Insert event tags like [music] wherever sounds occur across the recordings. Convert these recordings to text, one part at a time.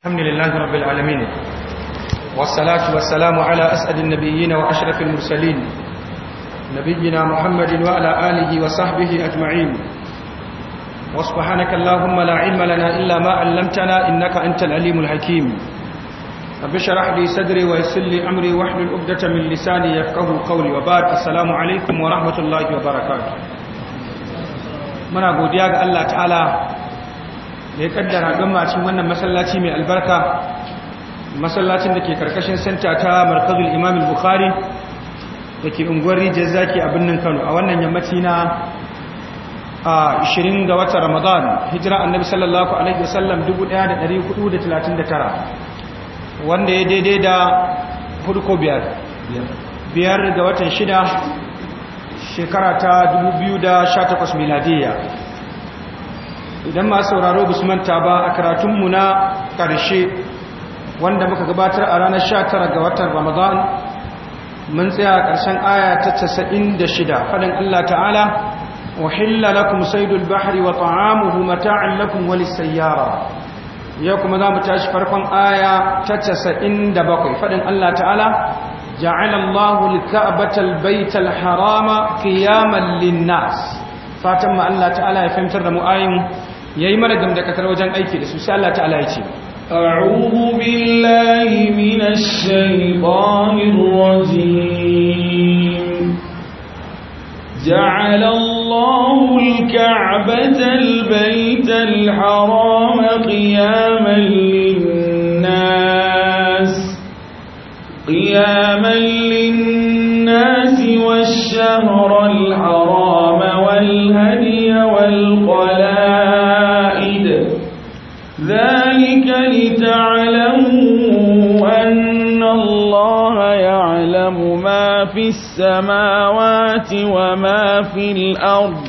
الحمد لله رب العالمين والصلاة والسلام على أسعد النبيين وأشرف المرسلين نبينا محمد وعلى آله وصحبه أجمعين وسبحانك اللهم لا علم لنا إلا ما علمتنا إنك أنت العليم الحكيم رب اشرح لي صدري ويسر لي أمري واحلل عقدة من لساني يفقهوا قولي وبعد السلام عليكم ورحمة الله وبركاته muna godiya ga Allah ta'ala da ya kaddara gama cikin wannan masallaci mai albarka masallacin da ke karkashin santa ta markazul imamul bukhari da ke unguwar rijiyar zaki a birnin kano a wannan yammaci na 20 ga watan ramadan hijira annabi sallallahu alaihi wasallam 1439 wanda ya daidai da hurko biyar biyar ga watan shida shekara ta 2018 miladiyya idan ma sauraro ba su manta ba a karatunmu na ƙarshe wanda muka gabatar a ranar 19 ga watan ramadan mun tsaya a ƙarshen aya ta 96 faɗin allah ta'ala wahilla lakum saidul bahri wa ta'amuhu mata'an lakum walisayyara ya kuma za mu tashi farkon aya ta 97 faɗin allah ta'ala ja'ala allahu lika'bata albayta alharama qiyaman lin fatan ma allah ta'ala ya fahimtar da mu ayin yayi mana gamdakatar wajen aiki da su sai Allah ta'ala ya ce أعوذ بالله من الشيطان الرجيم جعل الله الكعبة البيت الحرام قياما للناس قياما للناس والشهر الحرام السماوات وما في الأرض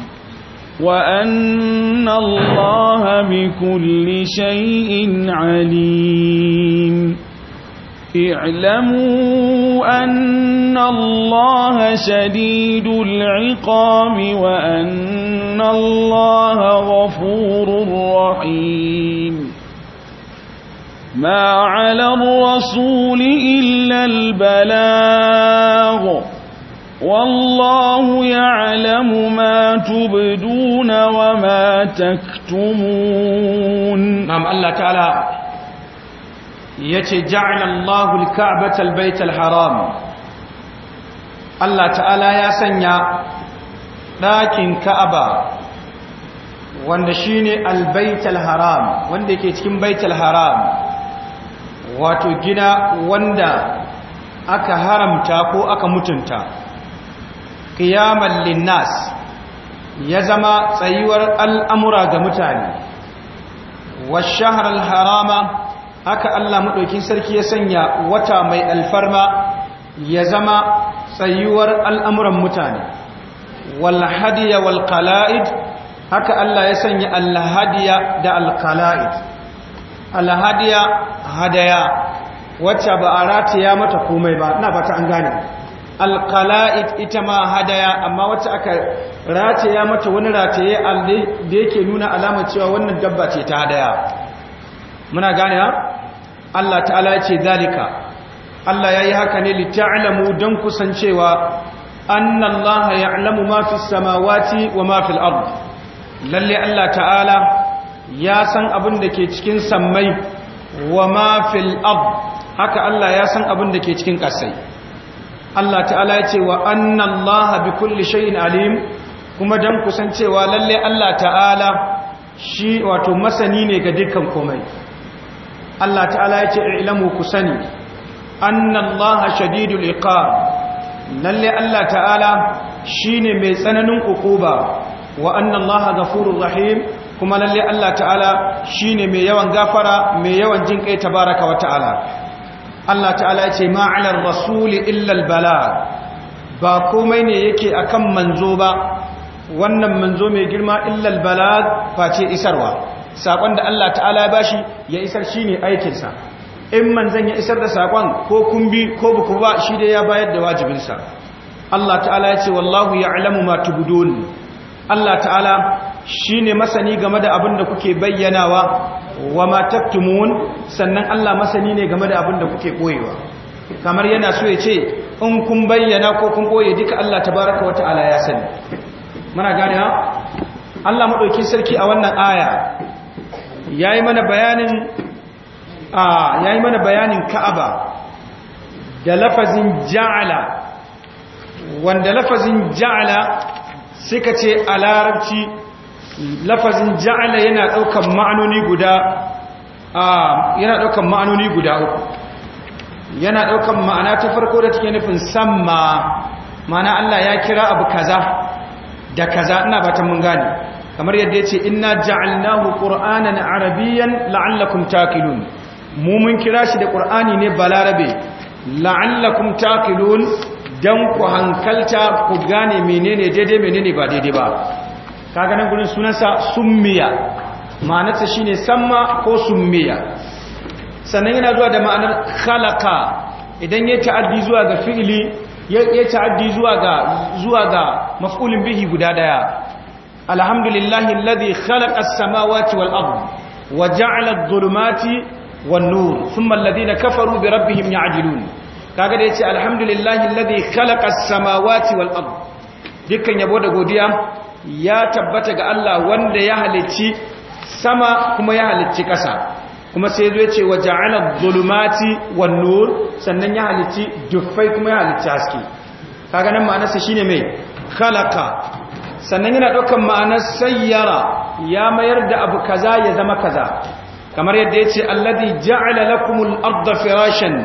وأن الله بكل شيء عليم اعلموا أن الله شديد العقاب وأن الله غفور رحيم ما على الرسول إلا البلاغ والله يعلم ما تبدون وما تكتمون نعم الله تعالى يتي جعل الله الكعبة البيت الحرام الله تعالى يا سنيا لكن كعبة wanda shine albaitul haram wanda yake cikin baitul haram wato gida wanda aka haramta ko aka mutunta ƙiyamar linnas ya zama tsayuwar al'amura ga mutane wa shahrul harama haka Allah madaukin sarki ya sanya wata mai alfarma ya zama tsayuwar al'amuran mutane Walhadiya Walƙala'id haka Allah ya sanya Alhadiya da Alƙala'id. Alhadiya hadaya wacce ba a rataya mata komai ba na bata an gane alqala'id ita ma hadaya amma wacce aka rataya mata wani rataye da yake nuna alamar cewa wannan dabba ce ta hadaya muna gane ha Allah ta'ala ce zalika Allah yayi haka ne li ta'lamu dan kusancewa anna Allah ya'lamu ma fis samawati wa ma fil ard lalle Allah ta'ala ya san abin da ke cikin sammai wa ma fil ard haka Allah ya san abin da ke cikin ƙasai Allah ta'ala ya ce wa annallaha bi kulli shay'in alim kuma dan kusancewa lalle Allah ta'ala shi wato masani ne ga dukkan komai Allah ta'ala ya ce ilamu kusani annallaha shadidul iqab lalle Allah ta'ala shine mai tsananin ukuba wa annallaha ghafurur rahim kuma lalle Allah ta'ala shine mai yawan gafara mai yawan jin kai wa ta'ala Allah ta'ala ya ce ma'alar rasuli illal bala ba komai ne yake akan manzo ba wannan manzo mai girma illal bala face isarwa sakon da Allah ta'ala ya bashi ya isar shine aikinsa in manzon ya isar da sakon ko kumbi ko buku ba shi da ya bayar da wajibinsa Allah ta'ala ya ce wallahu ya'lamu ma tubdun Allah ta'ala shine masani game da abin da kuke bayyanawa wa ma taktumun sannan Allah masani ne game da abin da kuke koyewa kamar yana so ya ce in kun bayyana ko kun koye duka Allah tabaraka wa ta'ala ya sani muna gane ha Allah madauki sarki a wannan aya yayi mana bayanin a yayi mana bayanin Ka'aba da lafazin ja'ala wanda lafazin ja'ala ka ce a larabci lafazin ja'ala yana daukan ma'anoni guda yana daukan ma'anoni guda uku yana daukan ma'ana ta farko da take nufin samma ma'ana Allah ya kira abu kaza da kaza ina ba mun gane kamar yadda yace inna ja'alnahu qur'anan arabiyyan la'allakum taqilun mu mun kira shi da qur'ani ne balarabe la'allakum taqilun dan ku hankalta ku gane menene daidai menene ba daidai ba kaga nan gurin sunansa summiya ma'anarsa shine samma ko summiya sannan yana zuwa da ma'anar khalaqa idan ya ta'addi zuwa ga fi'ili ya ta'addi zuwa ga maf'ulin bihi guda daya alhamdulillahi alladhi khalaqa as-samawati wal wa ja'ala adh-dhulumati wan nur thumma kafaru bi rabbihim ya'dilun kaga da yace alhamdulillahi alladhi khalaqa samawati wal dukkan yabo da godiya ya tabbata ga Allah wanda ya halicci sama kuma ya halicci ƙasa kuma sai zo ce wa ja'ala zulumati wan nur sannan ya halicci dufai kuma ya halicci haske kaga nan ma'anarsa shine mai khalaqa sannan yana daukan ma'anar sayyara ya mayar da abu kaza ya zama kaza kamar yadda yace alladhi ja'ala lakumul arda firashan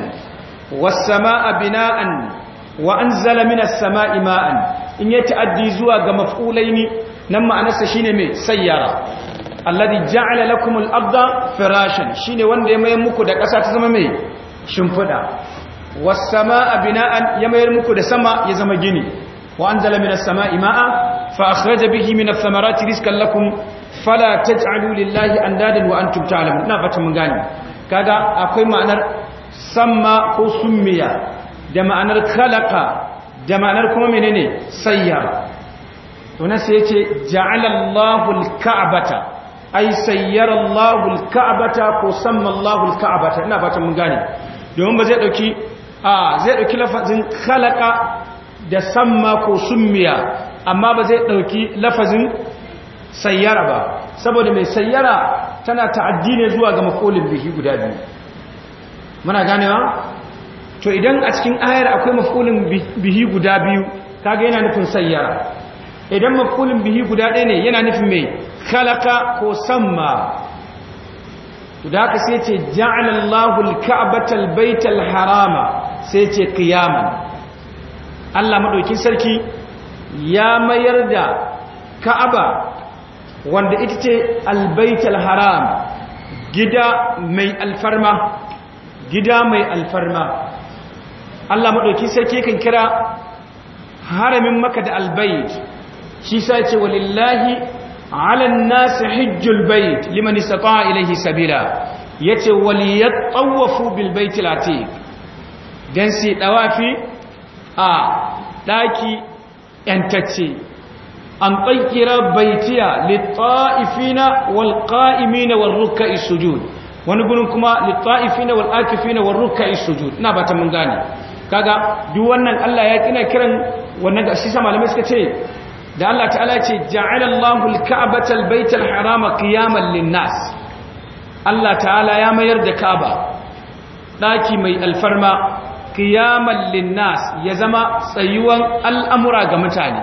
was samaa bina'an wa anzala minas samaa'i ma'an in ya ta'addi zuwa ga maf'ulaini nan ma'anarsa shine mai sayyara alladi ja'ala lakum al-ardha firashan shine wanda ya mayar muku da ƙasa ta zama mai shimfida was samaa bina'an ya mayar muku da sama ya zama gini wa anzala minas samaa'i ma'a fa akhraja bihi minath thamarati rizqan lakum fala taj'alu lillahi andadan wa antum ta'lamun ina fata mun gane kaga akwai ma'anar samma ko summiya da ma'anar khalaqa da ma'anar kuma ne sayyara to na sai yace ja'alallahu al-ka'bata ay sayyara ko samma Allahu ina fatan mun gane domin ba zai dauki a zai dauki lafazin khalaqa da samma ko summiya amma ba zai dauki lafazin sayyara ba saboda mai sayyara tana ta'addi ne zuwa ga makolin bihi guda biyu muna ganewa to idan a cikin ayar akwai maf'ulin bihi guda biyu kaga yana nufin sayyara idan maf'ulin bihi guda ɗaya ne yana nufin mai kalaka ko samma to da aka sai ce ja'ala Allahu baital harama sai ce qiyaman Allah madaukin sarki ya mayar da Ka'aba wanda ita ce albaital haram gida mai alfarma gida mai alfarma Allah maɗauki sarki kan kira haramin maka da albayid shi sa ce walillahi alan nasu hijjul bayid ilaihi sabila yace waliyatawafu bil baitil atiq dan si ɗawafi a ɗaki yantacce an tsankira baitiya litta'ifina wal qa'imina wal ruk'a'is sujud wani gurin kuma litta'ifina wal akifina wal ruk'a'is sujud ina ba ta mun gane kaga duk wannan Allah ya kina kiran wannan shi sa malamai suka ce da Allah ta'ala ce ja'ala Allahu al-ka'bata al harama qiyaman lin-nas Allah ta'ala ya mayar da Ka'aba daki mai alfarma qiyaman lin-nas ya zama tsayuwan al'amura ga mutane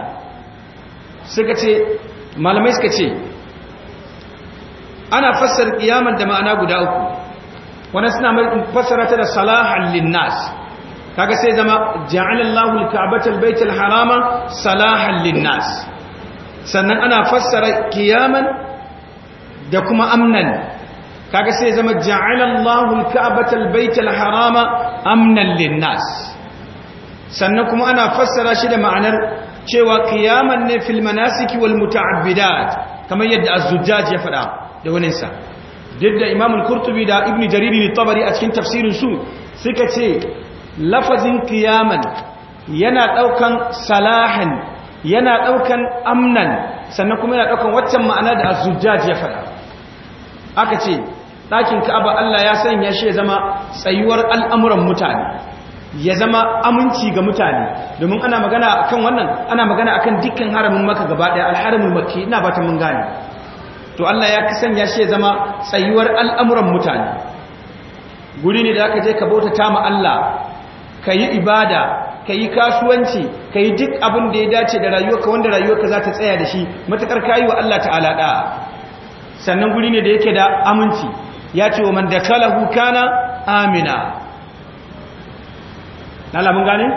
suka ce malamai suka ce ana fassara qiyaman da ma'ana guda uku wannan suna fassara ta da salahan lin-nas kaga sai zama ja'alallahu al-ka'bata baytal harama salahan sannan ana fassara kiyaman da kuma amnan kaga sai zama ja'alallahu baytal harama amnan sannan kuma ana fassara shi da ma'anar cewa kiyaman ne fil manasiki wal muta'abbidat kamar yadda az-zujjaj ya faɗa da waninsa duk da imamul qurtubi da ibnu jariri ne tabari a cikin tafsirin su suka ce lafazin kiyaman yana ɗaukan salahin yana ɗaukan amnan sannan kuma yana daukan waccan ma'ana da azujjaj ya faɗa aka ce ɗakin ka'aba Allah ya sanya shi ya zama tsayuwar al'amuran mutane ya zama aminci ga mutane domin ana magana akan wannan ana magana akan dukkan haramin maka gaba daya alharamin maki ina ba ta mun gane to Allah ya sanya shi ya zama tsayuwar al'amuran mutane guri ne da aka je ka bauta ta ma Allah ka yi ibada ka yi kasuwanci ka yi duk abin da ya dace da rayuwarka wanda rayuwarka za ta tsaya da shi matakar kayi wa Allah ta'ala da sannan guri ne da yake da aminci ya ce wa man da kalahu kana amina na lamun gane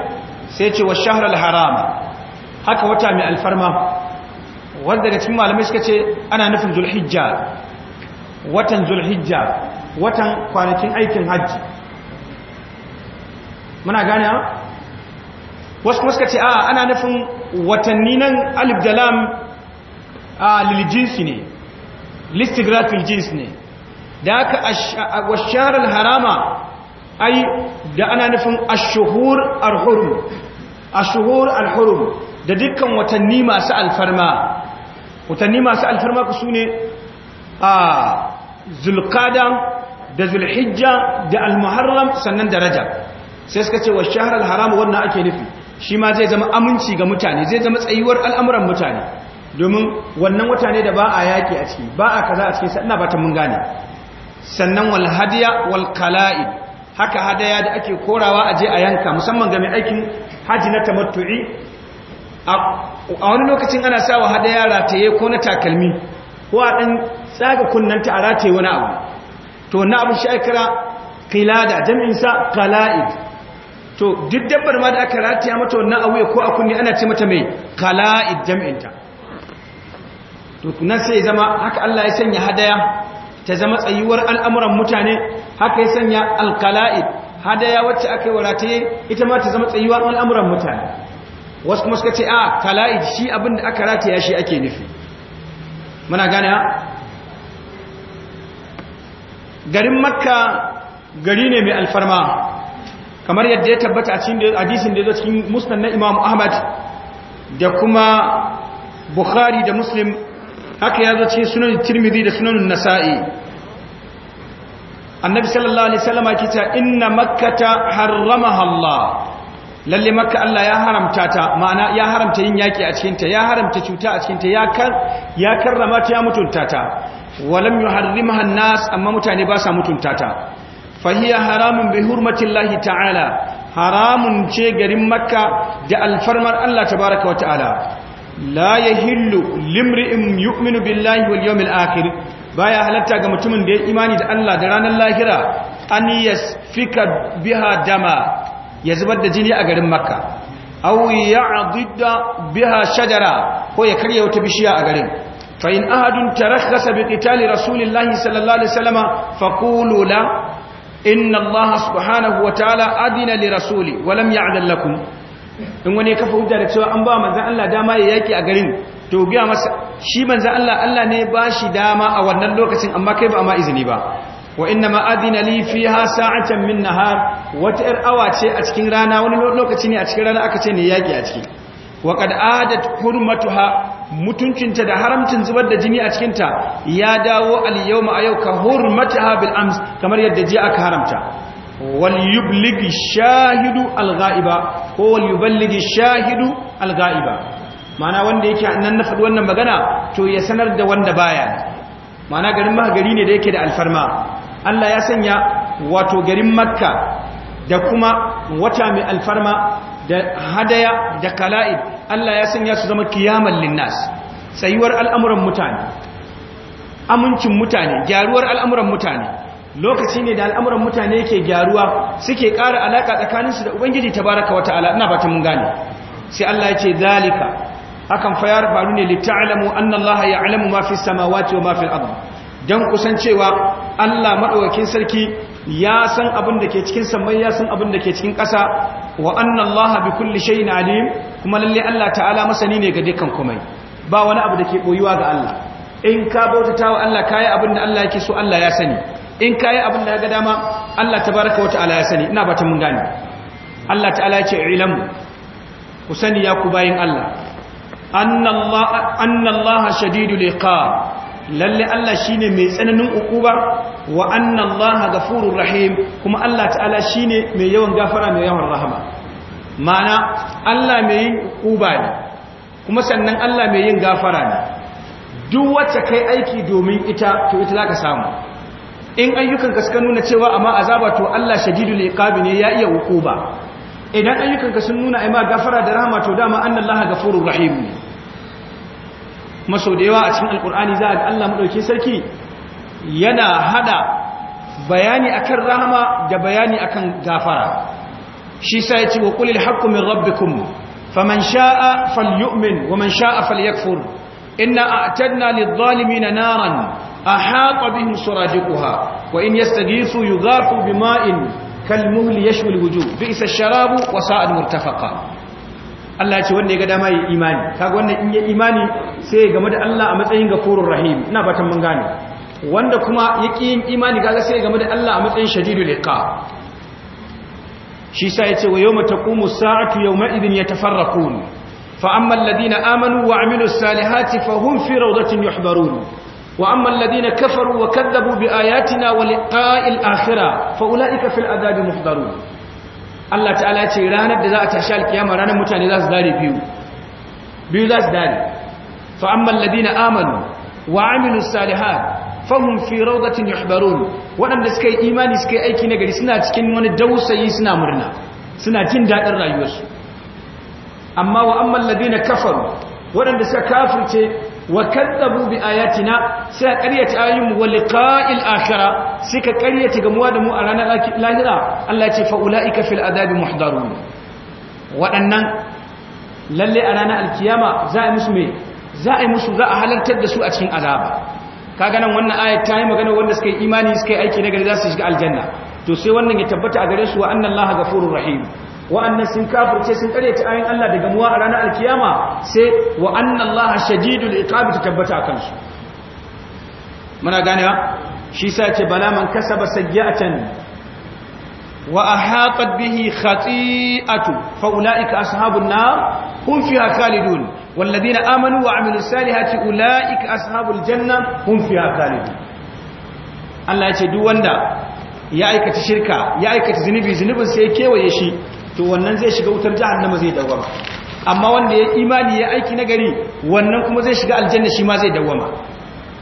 sai ce wa shahrar haram haka wata mai alfarma wanda da cikin malamai suka ce ana nufin zulhijja watan zulhijja watan kwanakin aikin hajji muna gane wasu kuma suka ce a ana nufin watanni nan alif da lam a liljinsu ne listigrafil jins ne da aka washarar harama ai da ana nufin ashuhur alhurum ashuhur alhurum da dukkan watanni masu alfarma watanni masu alfarma ku su ne a zulkada da zulhijja da almuharram sannan da rajab sai suka ce wa shaharar haram wannan ake nufi shi ma zai zama aminci ga mutane zai zama tsayuwar al'amuran mutane domin wannan wata ne da ba a yaƙi a ciki ba a kaza a cikin sannan ba ta mun gane sannan wal hadiya wal kala'i haka hadaya da ake korawa a je a yanka musamman ga mai aikin haji na tamattu'i a wani lokacin ana sawa hadaya rataye ko na takalmi ko a ɗan tsaga kunnanta a rataye wani abu to na abu shi kilada jami'insa kala'id to duk dabbar ma da aka rataya mata wannan a wuya ko a kunne ana ce mata mai kala'id jam'inta to nan sai zama haka Allah ya sanya hadaya ta zama tsayuwar al'amuran mutane haka ya sanya alkala'id hadaya wacce aka yi wa rataye ita ma ta zama tsayuwar al'amuran mutane wasu kuma suka ce a kala'id shi abin da aka rataya shi ake nufi muna gane ha garin makka gari ne mai alfarma kamar yadda ya tabbata a cikin hadisin da ya zo cikin musnad na Imam Ahmad da kuma Bukhari da Muslim haka ya zo cikin sunan Tirmidhi da sunan Nasa'i Annabi sallallahu alaihi wasallam yake cewa inna makkata harramaha Allah lalle makka Allah ya haramta ta ma'ana ya haramta yin yaki a cikin ta ya haramta cuta a cikin ta ya kar ya karrama ta ya mutunta ta walam yuharrimaha an-nas amma mutane ba sa mutunta ta fahiya haramun bi hurmatillahi ta'ala haramun ce garin makka da alfarmar Allah tabaraka wa ta'ala la yahillu limri'in yu'minu billahi wal yawmil akhir baya halatta ga mutumin da ya imani da Allah da ranar lahira an yasfika biha dama ya zubar da jini a garin makka aw ya'didda biha shajara ko ya karya wata bishiya a garin fa in ahadun tarakhasa bi qitali rasulillahi sallallahu alaihi wasallam faqulu la inna Allah subhanahu wa ta'ala adina li rasuli wa lam ya'dal lakum in wani kafa hujja da cewa an ba manzon Allah dama ya yaki a garin to biya masa shi manzon Allah Allah ne ba shi dama a wannan lokacin amma kai ba ma izini ba wa inna ma adina li fiha sa'atan min nahar wata ir awa ce a cikin rana wani lokaci ne a cikin rana aka ce ne yaki a ciki wa qad adat hurmatuha mutuncinta da haramcin zubar da jini a cikinta ya dawo al-yawma ayau ka hurmata bil ams kamar yadda ji aka haramta wal yublighi shahidu al-ghaiba ko wal yuballighi shahidu al-ghaiba ma'ana wanda yake nan na faɗi wannan magana to ya sanar da wanda baya ma'ana garin mahagari gari ne da yake da alfarma Allah ya sanya wato garin Makka da kuma wata mai alfarma da hadaya da kala'id Allah ya sanya su zama kiyamar linnas tsayuwar al'amuran mutane amincin mutane gyaruwar al'amuran mutane lokaci ne da al'amuran mutane yake gyaruwa suke ƙara alaƙa tsakaninsu da ubangiji ta baraka wata ala ina ba ta mun gane sai Allah ya ce zalika hakan fa ya faru ne li ta'lamu anna Allah ya'lamu ma fi samawati wa ma fi al kusancewa Allah madaukakin sarki ya san abin da ke cikin samai ya san abin da ke cikin ƙasa wa annan Allah bi kulli shay'in alim kuma lalle Allah ta'ala masani ne ga dukkan komai ba wani abu da ke boyuwa ga Allah in ka bautata wa Allah kai abin da Allah yake so Allah ya sani in kai abin da ya ga dama Allah tabaraka wa ta'ala ya sani ina ba ta mun gane Allah ta'ala ya ce ilamu ku sani ya ku bayin Allah Allah Allah shadidul iqab lalle Allah shine mai tsananin ukuba wa anna Allah ghafurur rahim kuma Allah ta'ala shine mai yawan gafara mai yawan rahama ma'ana Allah mai yin ukuba ne kuma sannan Allah mai yin gafara ne duk wacce kai aiki domin ita to ita zaka samu in ayyukan ka suka nuna cewa amma azaba to Allah shadidul iqabi ne ya iya ukuba idan ayyukan ka sun nuna ai ma gafara da rahama to dama anna Allah rahim ne kuma sau da yawa a cikin alkur'ani za a ga Allah madauki sarki yana hada bayani akan rahama da bayani akan gafara shi sa yace wa qulil haqqu min rabbikum faman sha'a falyu'min waman sha'a falyakfur inna a'tadna lidh-dhalimin naran ahata bihim suradiquha wa in yastaghithu yughathu bima'in kalmuhl yashwi alwujuh bi'sa ash-sharabu wa sa'ad murtafaqa Allah ya ce wanda ya ga dama ya imani kaga wannan in ya imani sai ya game da Allah a matsayin gafurur rahim ina fatan mun gane wanda kuma ya yin imani kaga sai ya game da Allah a matsayin shadidul iqab shi sa ya ce wa yawma taqumu sa'atu yawma idin yatafarraqun fa amma alladhina amanu wa amilus salihati fahum fi rawdatin yuhbarun wa amma alladhina kafaru wa kadzabu biayatina wa liqa'il akhirah fa ulaika fil adabi muhdarun Allah ta'ala ya ce ranar da za a tashi alkiyama ranar mutane za su dare biyu biyu za su dare fa amma alladina amanu wa amilu salihat fahum fi rawdatin yuhbarun waɗanda suka yi imani suka yi aiki nagari suna cikin wani dausayi suna murna suna jin daɗin rayuwarsu amma wa amma alladina kafaru waɗanda suka kafirce wa kadzabu bi ayatina sai ƙaryata ayoyin mu wa liqa'il akhirah sai ka ƙaryata gamuwa da mu a ranar lahira Allah ya ce fa ulaika fil adabi muhdarun waɗannan lalle a ranar alkiyama za a musu me za a musu za a halartar da su a cikin azaba kaga nan wannan ayat ta yi magana wanda suka yi imani suka yi aiki na gari za su shiga aljanna to sai wannan ya tabbata a gare su wa annallaha ghafurur rahim wa'annan sun kafirce sun karyata ayin Allah daga muwa a ranar alkiyama sai wa'annan Allah shadidul iqabi ta tabbata a kansu muna ganewa shi sa ce bala man kasaba sayyi'atan wa ahaqat bihi khati'atu fa ulaika ashabun nar hum fiha khalidun wal ladina amanu wa amilus salihati ulaika ashabul janna hum fiha khalidun Allah ya ce duk wanda ya aikata shirka ya aikata zunubi zunubin sai kewaye shi to wannan zai shiga wutar jihar jahannama zai dawama amma wanda ya imani ya aiki na gari wannan kuma zai shiga aljanna shi ma zai dawama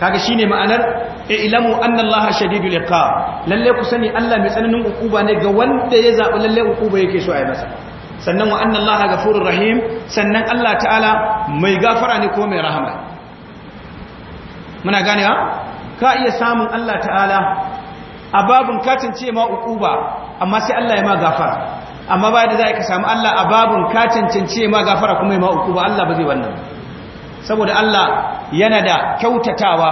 kaga shine ma'anar ilamu anna allaha shadidul iqab lalle ku sani Allah mai tsananin ukuba ne ga wanda ya zaɓi lalle ukuba yake so a yi masa sannan wa anna ghafurur rahim sannan Allah ta'ala mai gafara ne ko mai rahama muna ganewa ka iya samun Allah ta'ala a babun katin ce ma ukuba amma sai Allah ya ma gafara amma ba da za ka samu Allah a babun ka ma gafara kuma ma uku ba Allah ba zai wannan saboda Allah yana da kyautatawa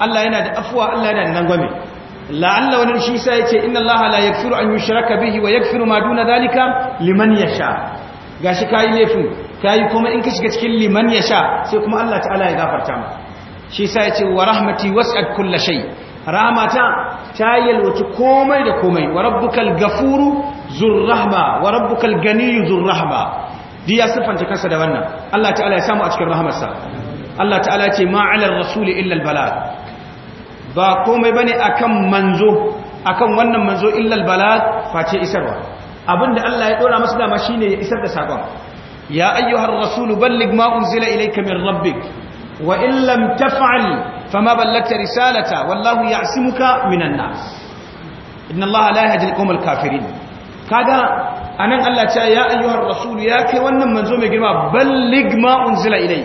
Allah yana da afuwa Allah yana da nangwame la'alla wani shi sa yace inna Allah la yaghfiru an yushraka bihi wa yaghfiru ma duna zalika liman yasha gashi kayi laifin kayi kuma in ka shiga cikin liman yasha sai kuma Allah ta'ala ya gafarta ma shi sa yace wa rahmati was'at kullashai. shay rahmata ta yalwaci komai da komai wa rabbukal gafuru zurrahma wa rabbukal ganiyyu zurrahma di ya sifanta kansa da wannan Allah ta'ala ya samu a cikin rahamarsa Allah ta'ala ce ma 'alal rasuli illa al ba komai bane akan manzo akan wannan manzo illa al-balagh face isarwa abinda Allah ya dora masa dama shine ya isar da sakon ya ayyuhar rasulu balligh ma unzila ilayka min rabbik wa in lam taf'al fama ballagta risalata wallahu ya'simuka minan nas inna Allah la yahdi al-qawmal kafirin kaga anan Allah ce ya ayyuhar rasul ya kai wannan manzo mai girma ballig ma unzila ilai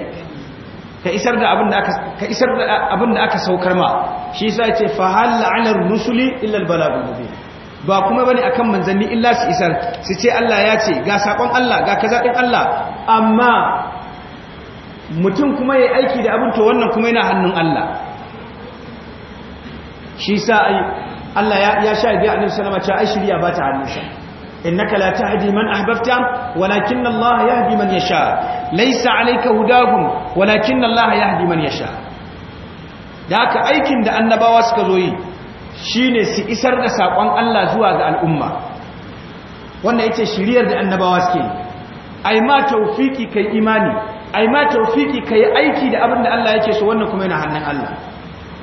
ka isar da abin da aka ka isar da abin da aka saukar ma shi yasa yace fa hal ala rusuli illa al balagul mubin ba kuma bane akan manzanni illa su isar su ce Allah ya ce ga sakon Allah ga kaza din Allah amma mutum kuma yayi aiki da abin to wannan kuma yana hannun Allah shi yasa Allah ya sha biya annabi sallallahu alaihi wasallam ce ai shiriya ba ta hannunsa innaka la tahdi man ahbabta walakin Allah yahdi man yasha laysa alayka hudahum walakin Allah yahdi man yasha daka aikin da annabawa suka zo yi shine su isar da saƙon Allah zuwa ga al'umma wannan yace shiriyar da annabawa suke ai ma tawfiki kai imani ai ma tawfiki kai aiki da abin da Allah yake so wannan kuma yana hannun Allah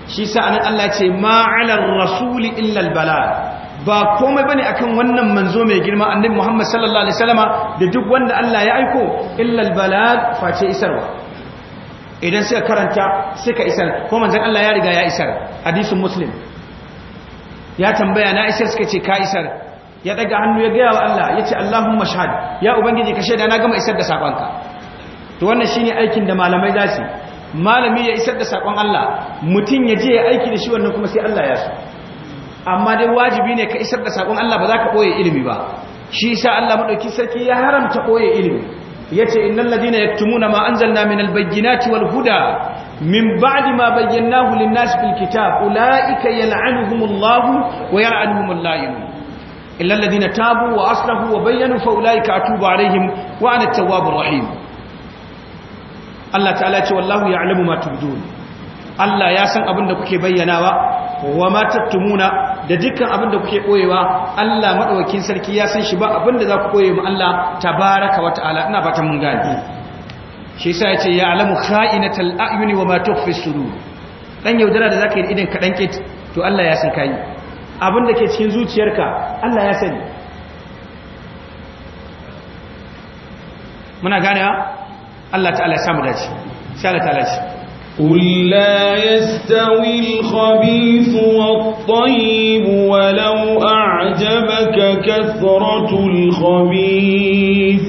shi sa Allah ce ma rasuli illar rasul ba komai bane akan wannan manzo mai girma annabi Muhammad sallallahu alaihi wasallama da duk wanda Allah ya aiko illa bala'a face isarwa idan suka karanta suka isar ko manzon Allah ya riga ya isar hadisin muslim ya tambaya na isar suka ce ka isar ya daga hannu ya gaya wa Allah ya ce Allahumma shahad ya ubangiji ka shaida na gama isar da sakonka to wannan shine aikin da malamai za malami ya isar da sakon Allah mutum ya je ya aiki da shi wannan kuma sai Allah ya so amma dai wajibi ne ka isar da sakon Allah ba za ka koye ilimi ba shi sa Allah madauki sarki ya haramta koye ilimi yace innal ladina yaktumuna ma anzalna minal bayyinati wal huda min ba'di ma bayyanahu lin nas fil kitab ulaika yal'anuhumullahu wa yal'anuhumul la'inun illa alladhina tabu wa aslahu wa bayyanu fa ulaika atubu alaihim wa ana at-tawwabur rahim Allah ta'ala ce wallahu ya'lamu ma tubdun Allah ya san abin da kuke bayyanawa wa ma tattumuna da dukkan abin da kuke koyewa Allah madaukakin sarki ya san shi ba abin da za ku koye mu Allah tabaraka wa ta'ala ina fatan mun gane shi sai yace ya alamu kha'inatal a'yuni wa ma tukhfi sudur dan yaudara da zaka yi idan ka danke to Allah ya san kai abin da ke cikin zuciyarka Allah ya sani muna ganewa Allah ta'ala ya samu dace sai Allah ta'ala shi قل لا يستوي الخبيث والطيب ولو أعجبك كثرة الخبيث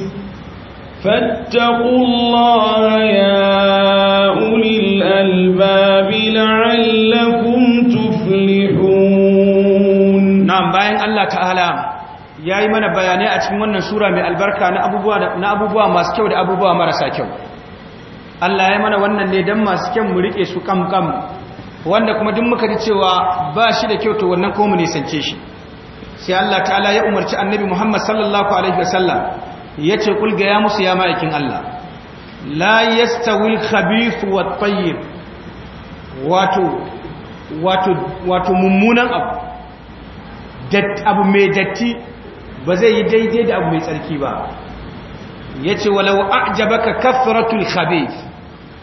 فاتقوا الله يا أولي الألباب لعلكم تفلحون نعم باين الله تعالى يا إيمان بياني أتمنى سورة من البركة sura mai albarka na abubuwa masu Allah ya mana wannan ne dan masu kyan mu rike su kam kam wanda kuma duk muka ji cewa ba shi da kyau to wannan ko mu nisance shi sai Allah ta'ala ya umarci annabi Muhammad sallallahu alaihi wasallam yace kul ga ya musu ya ma'aikin Allah la yastawi al-khabith wat-tayyib wato wato wato mummunan abu dat abu mai datti ba zai yi daidai da abu mai tsarki ba yace walau a'jabaka kathratul khabith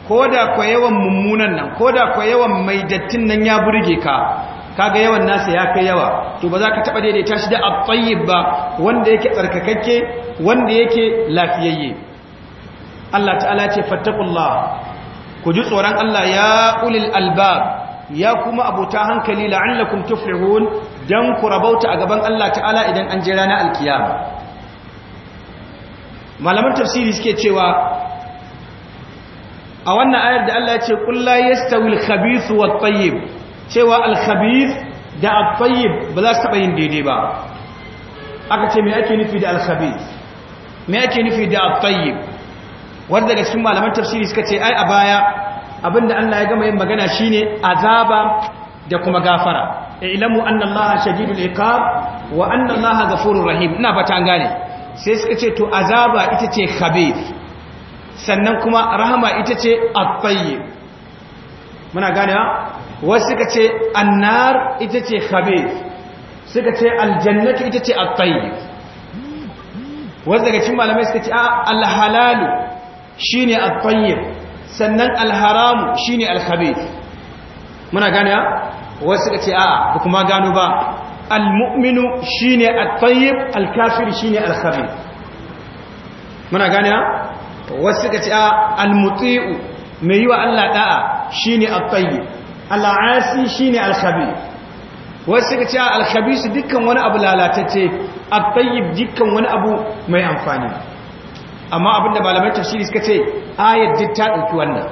ko da kwa yawan mummunan nan ko da kwa yawan mai dattin nan ya burge ka kaga yawan nasa ya kai yawa to ba za ka taba daidaita shi da at-tayyib ba wanda yake tsarkakakke wanda yake lafiyayye Allah ta'ala ce fattaqullah ku ji tsoron Allah ya ulil albab ya kuma abota hankali la'allakum tuflihun dan ku rabauta a gaban Allah ta'ala idan an je ranar alkiyama malaman tafsiri suke cewa a wannan ayar da Allah ya ce kulla la yastawi khabith wat-tayyib cewa al-khabith da at-tayyib ba za su taba yin daidai ba aka ce me ake nufi da al-khabith me ake nufi da at-tayyib wanda daga cikin malaman tafsiri suka ce ai a baya abinda Allah ya gama yin magana shine azaba da kuma gafara ilamu anna Allah shadidul iqab wa anna Allah ghafurur rahim ina fata an gane sai suka ce to azaba ita ce khabith sannan kuma rahama ita ce a tayyib muna ganewa wasu suka ce annar ita ce habe. suka ce aljannatu ita ce a tayyib wasu daga cin malamai suka ce Alhalalu shi ne a tayyib sannan alharamu shi ne al-khabith muna ganewa wasu suka ce a'a ba kuma gano ba almu'minu shi ne a tayyib alkafir shi ne al-khabith muna ganewa wasu suka ce al-muti'u mai yi wa Allah shi shine al tayyib al-asi ne al khabi wasu suka ce al su dukkan wani abu lalatacce al tayyib dukkan wani abu mai amfani amma abin da malamai tafsiri suka ce ayat duk ta ɗauki wannan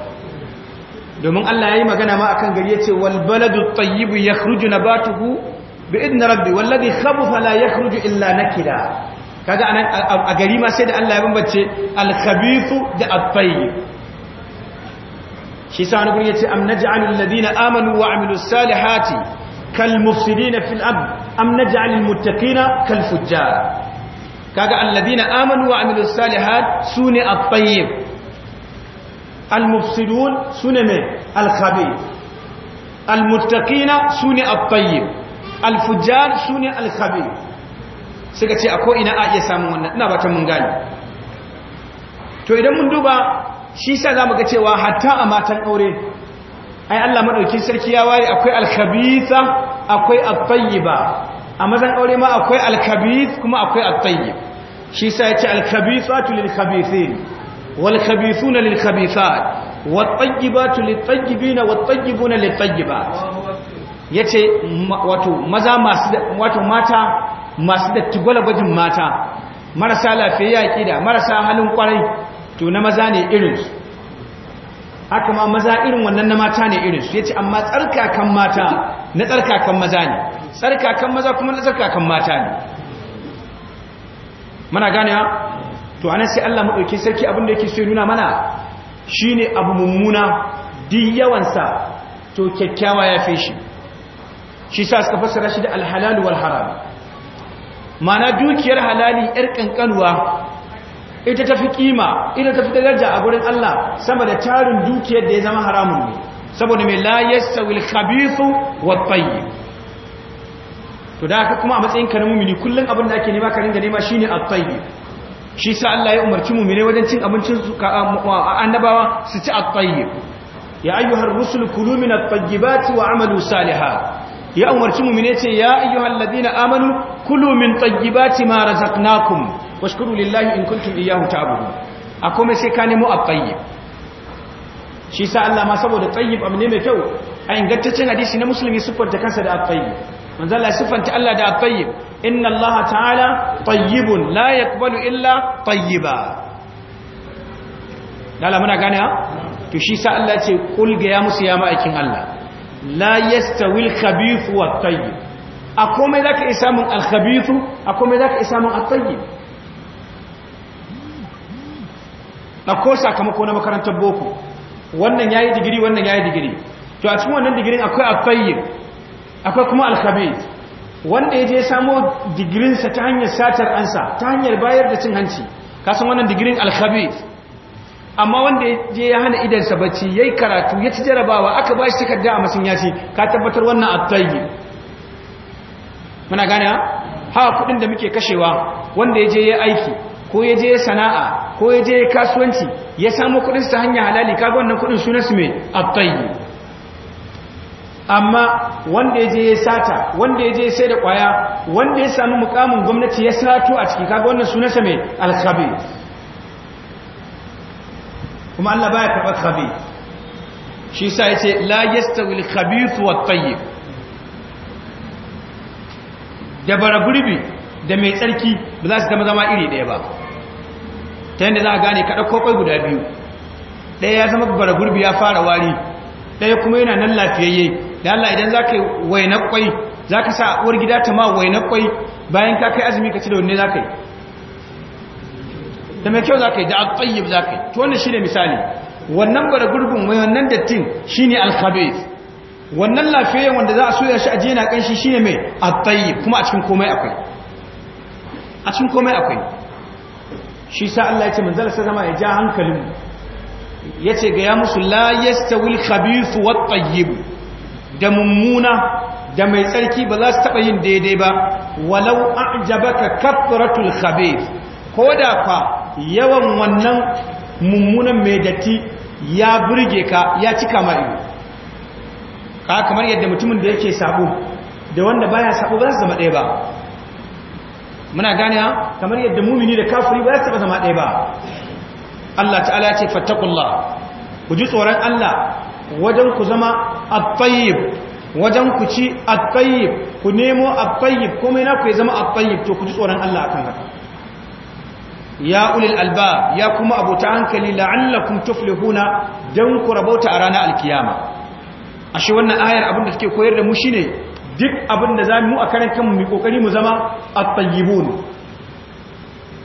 domin Allah ya yi magana ma a kan gari ya ce, wal baladu at na yakhruju nabatuhu bi idni rabbi khabu fala la yakhruju illa na kira kaga anan a gari ma sai da Allah ya bambance al-khabithu da at-tayyib shi sa wani gurin yace am naj'alu alladhina amanu wa amilus salihati kal mufsidina fil ard am naj'alul muttaqina kal fujjar kaga alladhina amanu wa amilus salihat sune at-tayyib al-mufsidun sune me al-khabith al-muttaqina sune at-tayyib al-fujjar sune al-khabith suka ce a ko'ina a iya samun wannan ina batan mun gani to idan mun duba shi sa za mu ga cewa hatta a matan aure ai Allah maɗauki sarki ya ware akwai alkabisa akwai attayi ba a mazan aure ma akwai alkabis kuma akwai attayi shi sa ya ce alkabisa tu alkabisatu lilkabisin walkabisuna lilkabisat wattayyibatu littayyibina na littayyibat na wato maza masu wato mata masu datti gwajin mata marasa lafiya ƙida marasa halin kwarai to na maza ne irinsu haka ma maza irin wannan na mata ne irinsu ya ce amma tsarkakan mata na tsarkakan maza ne tsarkakan maza kuma na tsarkakan mata ne mana ganewa to anan sai Allah maɗauki sarki abinda yake so nuna mana shi ne abu mummuna duk yawansa to kyakkyawa ya fi shi shi sa suka fassara shi da alhalaluwar wal haram mana dukiyar halali yar kankanuwa ita tafi kima ita tafi daraja a gurin Allah sama da tarin dukiyar da ya zama haramun ne saboda mai la yasawil khabithu wa tayyib to da aka kuma a matsayin ka na mumini abin da ake nema ka ringa nema shine at tayyib shi sa Allah ya umarci mumine wajen cin abincin su annabawa su ci at tayyib ya ayyuhar rusul kulu min at tayyibati wa amalu Saliha. ya umarci mu'mine ce ya ayyuhal ladina amanu kulu min tayyibati ma razaqnakum washkuru lillahi in kuntum iyyahu ta'budun akomai sai ka nemo at-tayyib shi sa Allah ma saboda tayyib amne mai kyau a ingantaccen hadisi na musulmi sufanta kansa da at manzo Allah Allah da at inna Allah ta'ala tayyibun la yaqbalu illa tayyiba dala muna gane ha to shi sa Allah ce kul ga ya musu ya ma'aikin Allah la yasta al-khabith wa tayyib akwai mai zaka isa mun al-khabith akwai mai zaka isa mun al tayyib dauko sakamako na makarantar boko wannan yayi digiri wannan yayi digiri to a cikin wannan digirin akwai al tayyib akwai kuma al-khabith wanda yaje samu digirin sa ta hanyar satar ansa ta hanyar bayar da cin hanci kasan wannan digirin al-khabith amma wanda je ya hana idansa bacci yayi karatu ya ci jarabawa aka ba shi takarda a masin ka tabbatar wannan attayi muna gane ha kudin da muke kashewa wanda ya je ya aiki ko ya je sana'a ko ya je kasuwanci ya samu kudin sa hanya halali kaga wannan kudin sunan su me attayi amma wanda ya je ya sata wanda ya je sai da kwaya wanda ya samu mukamin gwamnati ya sato a ciki kaga wannan sunan sa me alkhabith kuma Allah baya karɓar khabi shi sa ya ce la yastawil khabithu wat tayyib da bara gurbi da mai tsarki ba za su zama zama iri ɗaya ba ta yadda za a gane kaɗa kokwai guda biyu ɗaya ya zama bara gurbi ya fara wari ɗaya kuma yana nan lafiyayye da Allah idan za ka yi kwai za ka sa uwar gida ta ma waina kwai bayan ka kai azumi ka ci da wanne za ka yi da mai kyau za ka yi da al za ka yi to wannan shine misali wannan bara gurbin wannan dattin shine al-khabith wannan lafiyayyen wanda za a soya shi a jena shi shine mai a tayyib kuma a cikin komai akwai a cikin komai akwai shi sa Allah ya ce manzala sa zama ya ja hankalin ya ce ga ya musu la yastawil khabith wat tayyib da mummuna da mai tsarki ba za su taba yin daidai ba walau a'jabaka kathratul khabith ko da fa yawan wannan mummunan mai datti ya burge ka ya cika mai ka kamar yadda mutumin da yake sabo da wanda baya sabo ba za su zama ɗaya ba muna gane ha kamar yadda mumini da kafiri ba za su zama ɗaya ba Allah ta'ala ya ce fattakullah ku ji tsoron Allah wajen ku zama at-tayyib wajen ku ci at-tayyib ku nemo at-tayyib komai na ku zama at-tayyib to ku ji tsoron Allah akan haka ya ulil alba ya kuma abota hankali la'allakum tuflihuna dan ku rabota a ranar alkiyama ashe wannan ayar abin da take koyar da mu shine duk abin da zamu mu a karan kanmu mu kokari mu zama at-tayyibun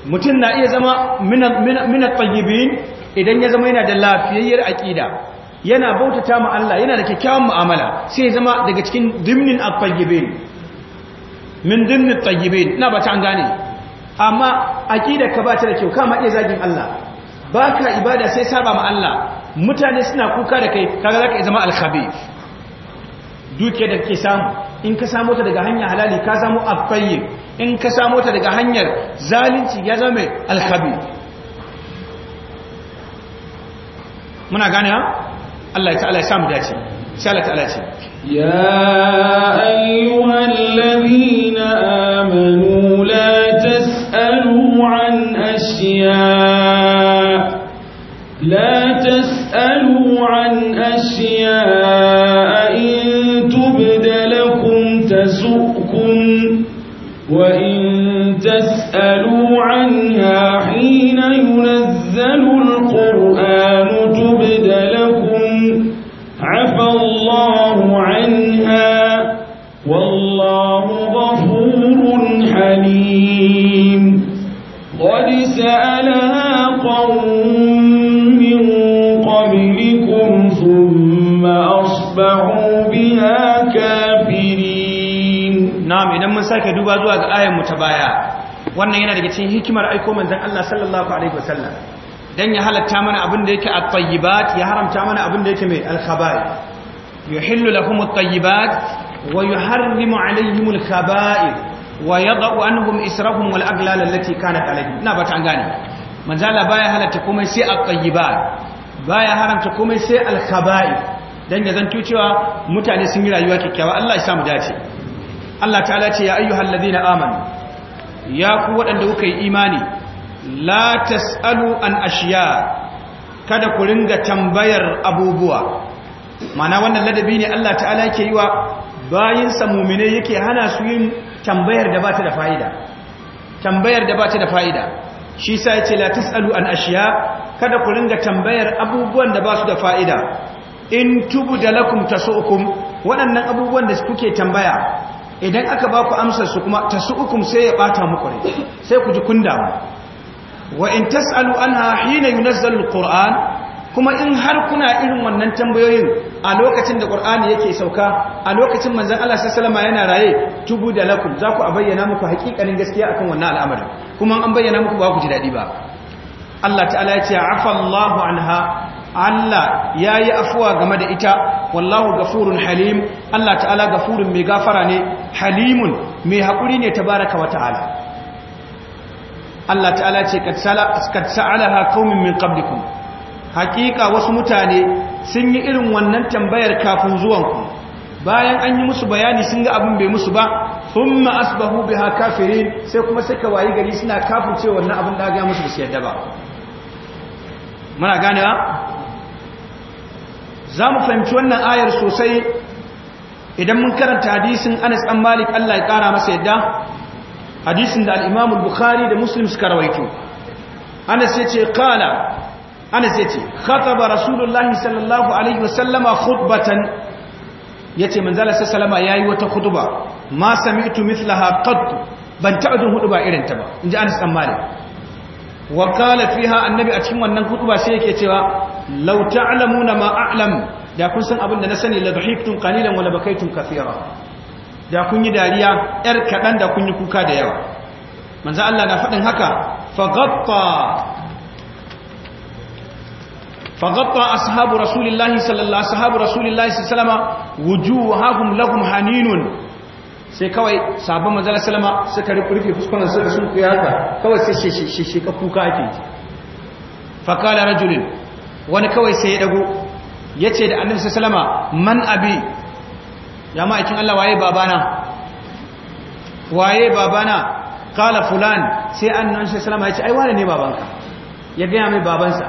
mutum na iya zama min at-tayyibin idan ya zama yana da lafiyayyar aqida yana bautata ma Allah yana da kyakkyawan mu'amala sai ya zama daga cikin dimnin at-tayyibin min dimnin at-tayyibin na ba ta an gane amma ƙida ka ba ta da kyau kama iya zagin Allah ba ka ibada sai saba ma Allah mutane suna kuka da kai kaga zaka zama al-khabith duke da ke samu in ka samu ta daga hanyar halali ka samu afayye in ka samu ta daga hanyar zalunci ya zama al-khabith muna gane Allah ya Allah ya samu dace sai Allah ta'ala ce ya ayyuhal ladina amanu لا تسألوا عن أشياء إن تبد لكم تسؤكم وإن تسألوا عنها حين ينزل القرآن تبد لكم عفى الله عنها والله غفور حليم قد سأل sake duba zuwa ga ayan mu ta baya wannan yana daga cikin hikimar aiko manzon Allah sallallahu alaihi wasallam dan ya halatta mana abin da yake at-tayyibat ya haramta mana abin da yake mai al-khaba'ith yuhillu lahum at-tayyibat wa yuharrimu alaihim al-khaba'ith wa yad'u anhum israhum wal aglal allati kanat alaihim ina ba ta gane manzo Allah baya halatta komai sai at-tayyibat baya haramta komai sai al-khaba'ith dan ya zanto cewa mutane sun yi rayuwa kikkiawa Allah ya samu dace Allah ta'ala ce ya ayyuhal ladina amanu ya ku waɗanda kuka yi imani la tasalu an ashiya kada ku ringa tambayar abubuwa mana wannan ladabi ne Allah ta'ala yake yi wa bayinsa mumine yake hana su yin tambayar da ba ta da fa'ida tambayar da ba ta da fa'ida shi sa yace la tasalu an ashiya kada ku ringa tambayar abubuwan da ba su da fa'ida in tubu da lakum tasu'ukum waɗannan abubuwan da kuke tambaya idan aka ba ku amsar su kuma ta su tasu'ukum sai ya ɓata muku rai sai ku ji kun damu wa in tasalu anha hina yunazzalu alquran kuma in har kuna irin wannan tambayoyin a lokacin da qur'ani yake sauka a lokacin manzon Allah sallallahu alaihi yana raye tubu da lakum za ku bayyana muku hakikanin gaskiya akan wannan al'amari kuma an bayyana muku ba ku ji dadi ba Allah ta'ala ya ce afa anha Allah ya yi afuwa game da ita wallahu gafurun halim Allah ta'ala gafurun mai gafara ne halimun mai haƙuri ne ta baraka wa ta'ala Allah ta'ala ce kad sa'alaha kaumin min qablikum haƙiƙa wasu mutane sun yi irin wannan tambayar kafin zuwanku bayan an yi musu bayani sun ga abin bai musu ba thumma asbahu biha sai kuma suka wayi gari suna kafirce wannan abin da ga musu ba su da ba muna ganewa za mu fahimci wannan ayar sosai idan mun karanta hadisin anas an malik allah ya kara masa yadda hadisin da al'imamu bukhari da muslim suka rawaito anas ya ce kala anas ya ce khataba rasulullahi sallallahu alaihi wasallama khutbatan ya ce manzala sassalama ya yi wata khutba ma sami'tu mithlaha qattu ban taɓa jin hudu ba irinta ba in ji anas an malik wa fiha annabi a cikin wannan ba sai yake cewa law ta'lamuna ma a'lam da kun san abin da na sani la dhahiktum qalilan wa la bakaytum kathira da kun yi dariya yar kaɗan da kun yi kuka da yawa manzo Allah na faɗin haka faghatta faghatta ashabu rasulillahi sallallahu ashabu rasulillahi sallallahu alaihi wasallam wujuhahum haninun sai kawai sabon manzala salama suka rufe fuskunan sun kuya haka kawai sai shi ka kuka ake ji fakala rajulin wani kawai sai ya dago ya ce da annabi sallama man abi ya ma'aikin Allah waye babana waye babana kala fulan sai annabi sallama ya ce ai wane ne babanka ya gaya mai babansa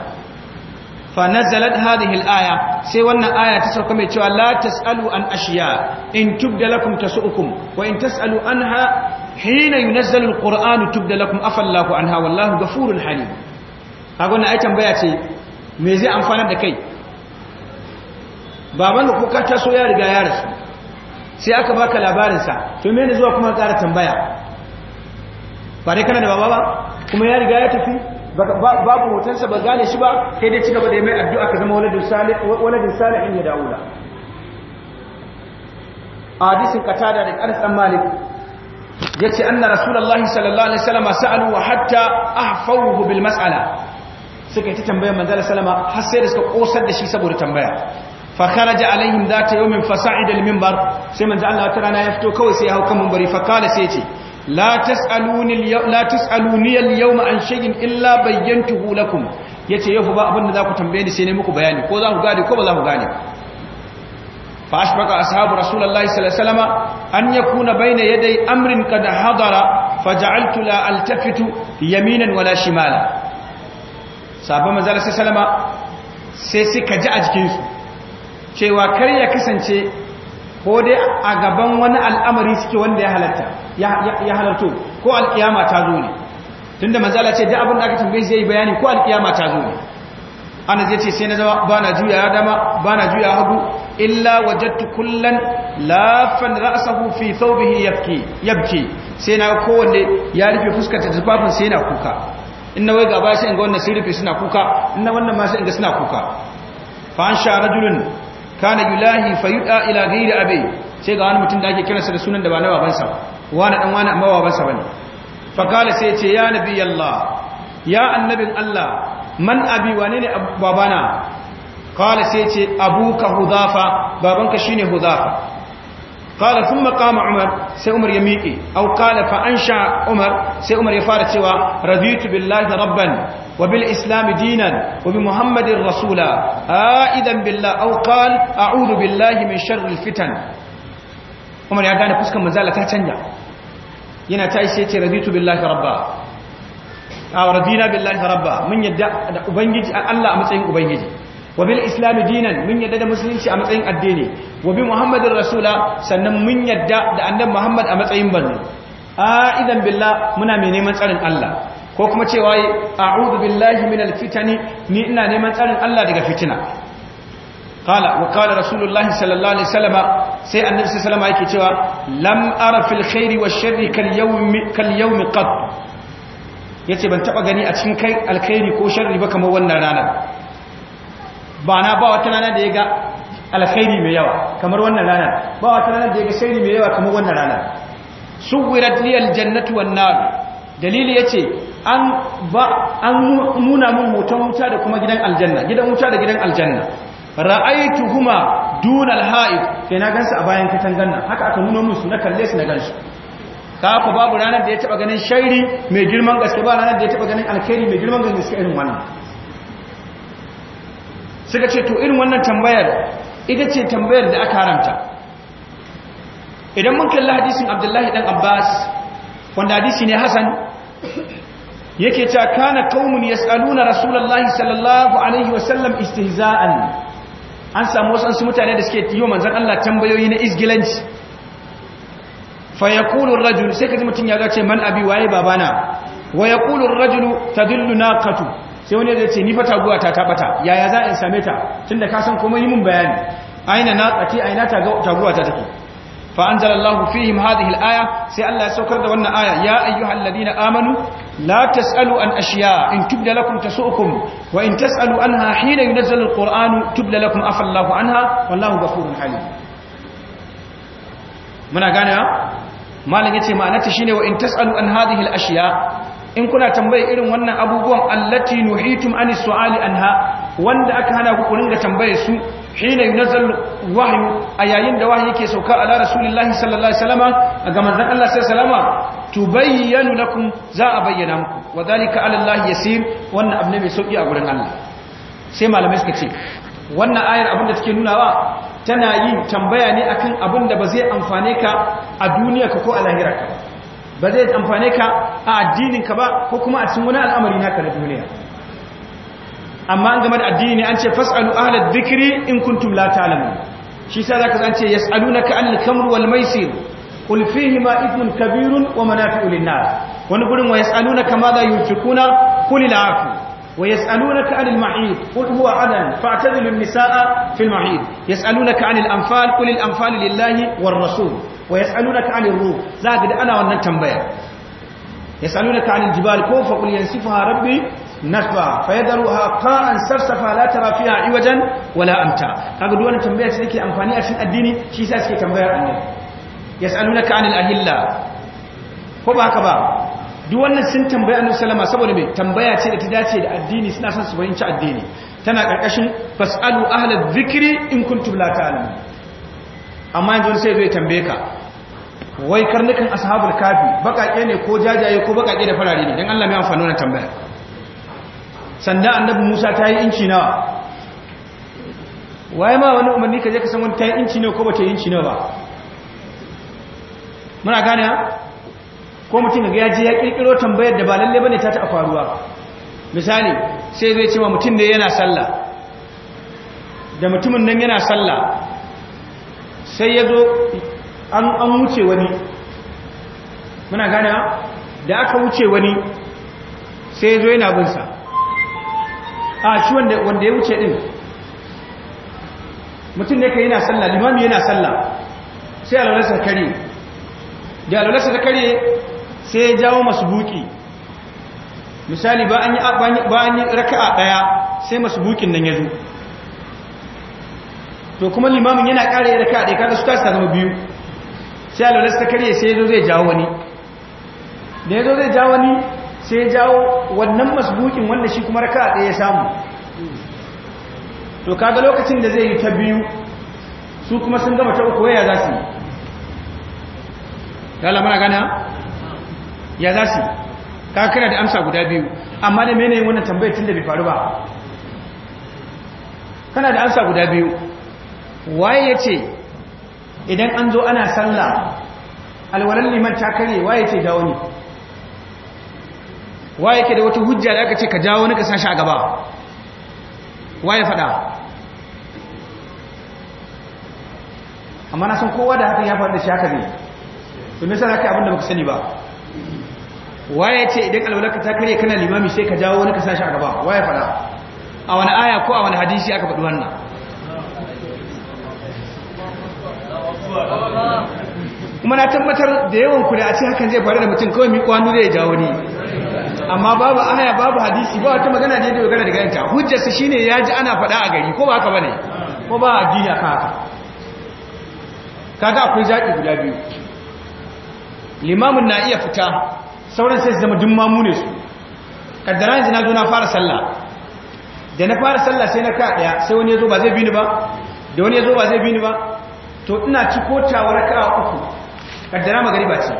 fa nazalat hadhihi al-aya sai wannan aya ta sauka mai cewa la tasalu an ashiya in tubda lakum tasukum wa in tasalu anha hina yunazzalu al-qur'anu tubda lakum afallahu anha wallahu ghafurun halim kaga wannan ai tambaya ce me zai amfanar da kai baban da kuka taso ya riga ya rasu sai aka baka labarinsa to mene zuwa kuma ƙara tambaya ba dai kana da baba ba kuma ya riga ya tafi babu hotonsa ba gane shi ba kai dai cigaba da ya mai addu'a ka zama waladin salihin ya da'ula a hadisin katada da ƙarsan malik ya ce an na rasulallah sallallahu alaihi salama sa'alu wa hatta ahfawuhu bil mas'ala suka yi ta tambayar manzala salama har sai da suka kosar da shi saboda tambaya fa kharaja alaihim zata yawmin fasa'id al-minbar sai manza Allah ta rana ya fito kawai sai ya hau kan bari fakara sai ce la tas'aluni yau tas'aluni al-yawma an shay'in illa bayyantuhu lakum yace yau ba abin da za ku tambaye ni sai ne muku bayani ko za ku gane ko ba za ku gane fa ashbaqa ashabu rasulullahi sallallahu alaihi wasallam an yakuna bayna yaday amrin qad hadara faj'altu la altafitu yaminan wala shimala sabon manzala salama sai suka ji a jikinsu cewa kar ya kasance ko dai a gaban wani al'amari suke wanda ya halatta ya halarto ko alkiyama ta zo ne tunda mazala ce da abin da aka tambaye zai yi bayani ko alkiyama ta zo ne ana zai ce sai na zama ba na juya dama ba na juya hagu illa wajattu kullan lafan ra'sahu fi thawbihi yabki yabki sai na kowanne ya rufe fuskar ta tufafin sai na kuka in na ga baya sai in ga wannan sun rufe suna kuka in na wannan ma sai in ga suna kuka fa an sha rajulun kana yulahi fa yuda ila ghairi abi sai ga wani mutum da ake kiransa da sunan da ba na babansa wani dan wani amma babansa bane fa kala sai ya ce ya nabi allah ya annabin allah man abi wane ne babana kala sai ce abuka hudafa babanka shine hudafa qala thumma qama umar sai umar ya miƙe aw qala fa ansha umar sai umar ya fara cewa raditu billahi rabban wa bil islam dinan wa bi muhammadin rasula aidan billah aw a a'udhu billahi mai sharri fitan umar ya gane fuskar manzala ta canja yana ta ishe ce raditu billahi rabba a radina billahi rabba mun yadda da ubangiji Allah a matsayin ubangiji wa islami dinan mun yadda da musulunci a matsayin addini wa muhammadin rasula sannan mun yadda da annabi muhammad a matsayin bannu a idan billah muna mai neman tsarin Allah ko kuma cewa a'udhu billahi minal fitani ni ina neman tsarin Allah daga fitina Qala, وقال رسول الله sallallahu alaihi عليه وسلم سي النبي صلى yake cewa lam ara fil khairi washarri kal yawm kal yawm qat yace ban taba gani a cikin kai alkhairi ko sharri ba kamar wannan ranar ba na ba wata rana da ya ga alkhairi mai yawa kamar wannan rana ba wata rana da ya ga shairi mai yawa kamar wannan rana suwirat liyal jannatu wan nar dalili yace an ba an nuna mun hoton wuta da kuma gidan aljanna gidan wuta da gidan aljanna kuma dunal ha'id kai na gansu a bayan katangan ganna. haka aka nuna musu na kalle su na gansu kafa babu ranar da ya taba ganin shairi mai girman gaske ba ranar da ya taba ganin alkhairi mai girman gaske irin wannan suka ce to irin wannan tambayar ita ce tambayar da aka haramta idan mun kalli hadisin abdullahi dan abbas wanda hadisi ne hasan yake cewa kana qaumun yasaluna rasulullahi sallallahu alaihi wasallam istihza'an an samu wasu mutane da suke yi manzon Allah tambayoyi na izgilanci fa yaqulu ar-rajul sai kaji mutun ya ga ce man abi waye babana wa yaqulu ar-rajulu tadillu naqatu sai wani zai ce ni fa taguwa ta ta yaya za in same ta tunda ka san kuma yi mun bayani aina na tsaki aina taguwa ta take fa an anzalallahu fihim hadhihi hil'aya sai Allah ya saukar da wannan aya ya ayyuhal ladina amanu la tasalu an ashiya in ta so kun? wa in tasalu anha hina yunzalu alquranu tubda lakum afallahu ha? wallahu ghafurun hali. muna gane ha malam yace ma'anarta shine wa in tsalu an hadhihi hil'ashiya. in kuna tambaye irin wannan abubuwan allati nuhitum ani su'ali anha wanda aka hana ku da tambaye su hina yunazzal wahyu a yayin da wahyi yake sauka ala rasulillahi sallallahu alaihi wasallam ga manzon Allah sallallahu alaihi wasallam tubayyanu lakum za a bayyana muku wa zalika ala Allah yasir wannan abu ne mai sauki a gurin Allah sai malamai suka ce wannan ayar abin da take nunawa tana yin tambaya ne akan abin da ba zai amfane ka a duniyarka ko a lahirarka ba zai amfane ka a addininka ba ko kuma a cikin wani al'amari naka na duniya amma an game da addini ne an ce fas'alu ahlad dhikri in kuntum la ta'lamun shi sa zaka zance yas'alunaka anil kamr wal maisir qul fihima ithmun kabirun wa manafi'u lin-nas wani gurin wa yas'alunaka ma za yunfikuna qul al ويسألونك عن المحيط قل هو أذن فاعتزلوا النساء في المحيط يسألونك عن الأنفال قل الأنفال لله والرسول ويسألونك عن الروح زاقد أنا وأنن تنبيع يسألونك عن الجبال كوف فقل ينسفها ربي نسفا فيذرها قاء سرسفا لا ترى فيها عوجا ولا أمتا قد دولة تنبيع سيكي أنفاني أشن الديني شي سيكي تنبيع أنه يسألونك عن الأهلة ko ba haka ba duk wannan sun tambaya annabi sallama saboda me tambaya ce da ta dace da addini suna son su fahimci addini tana karkashin fasalu ahla dhikri in kuntum la ta'lamu amma yanzu sai zai tambaye ka wai karnukan ashabul kafi bakake ne ko jajaye ko bakake da farare ne dan Allah mai amfani na tambaya sanda annabi Musa ta yi inci nawa waye ma wani umarni kaje ka san wani ta yi inci ne ko ba ta yi inci nawa ba muna gane ha ko mutum ga yaji ya kirkiro tambayar da ba lalle bane ta ta faruwa misali sai zai ce wa mutum ne yana sallah da mutumin nan yana sallah sai ya zo an an wuce wani muna gane da aka wuce wani sai ya zo yana bin sa a shi wanda wanda ya wuce din mutum ne kai yana sallah limami yana sallah sai alalasa kare da alalasa ta kare sai ya jawo masbuki misali ba an yi raka'a daya sai bukin nan ya zo to kuma limamin yana raka raka'a daya kada su ta zama biyu sai alwalar ta karye sai ya zo zai jawo wani da ya zo zai jawo wani sai ya jawo wannan masbukin wanda shi kuma raka'a daya ya samu to kaga lokacin da zai yi ta biyu su kuma sun gama ta uku waya za su yi lamar mana gana ya za su ka da amsa guda biyu amma da mene wannan tambayar tun da bai faru ba kana da amsa guda biyu waye ya ce idan an zo ana sallah alwalan liman ta kare waye ce jawo ne waye ke da wata hujja da aka ce ka jawo ne ka sashi a gaba waye fada amma na san kowa da hakan ya faru da shi haka ne to me yasa zaka abin da baka sani ba waye ce idan alwalarka ta kare kana limami sai ka jawo wani ka sashi a gaba waye fada a wani aya ko a wani hadisi aka faɗi wannan kuma na tabbatar da yawan ku da a ce hakan zai faru da mutum kawai miƙo hannu zai jawo ni amma babu aya babu hadisi ba wata magana ne da magana daga ganta hujjarsa shine ya ji ana faɗa a gari ko ba haka bane ko ba a addini ka haka kaga akwai zaɓi guda biyu limamin na iya fita sauran sai su zama dun mamu ne su kaddara yanzu na zo na fara sallah da na fara sallah sai na kaɗa ya sai wani ya zo ba zai bi ni ba da wani ya zo ba zai bi ni ba to ina ci ko tawa raka uku kaddara magariba ce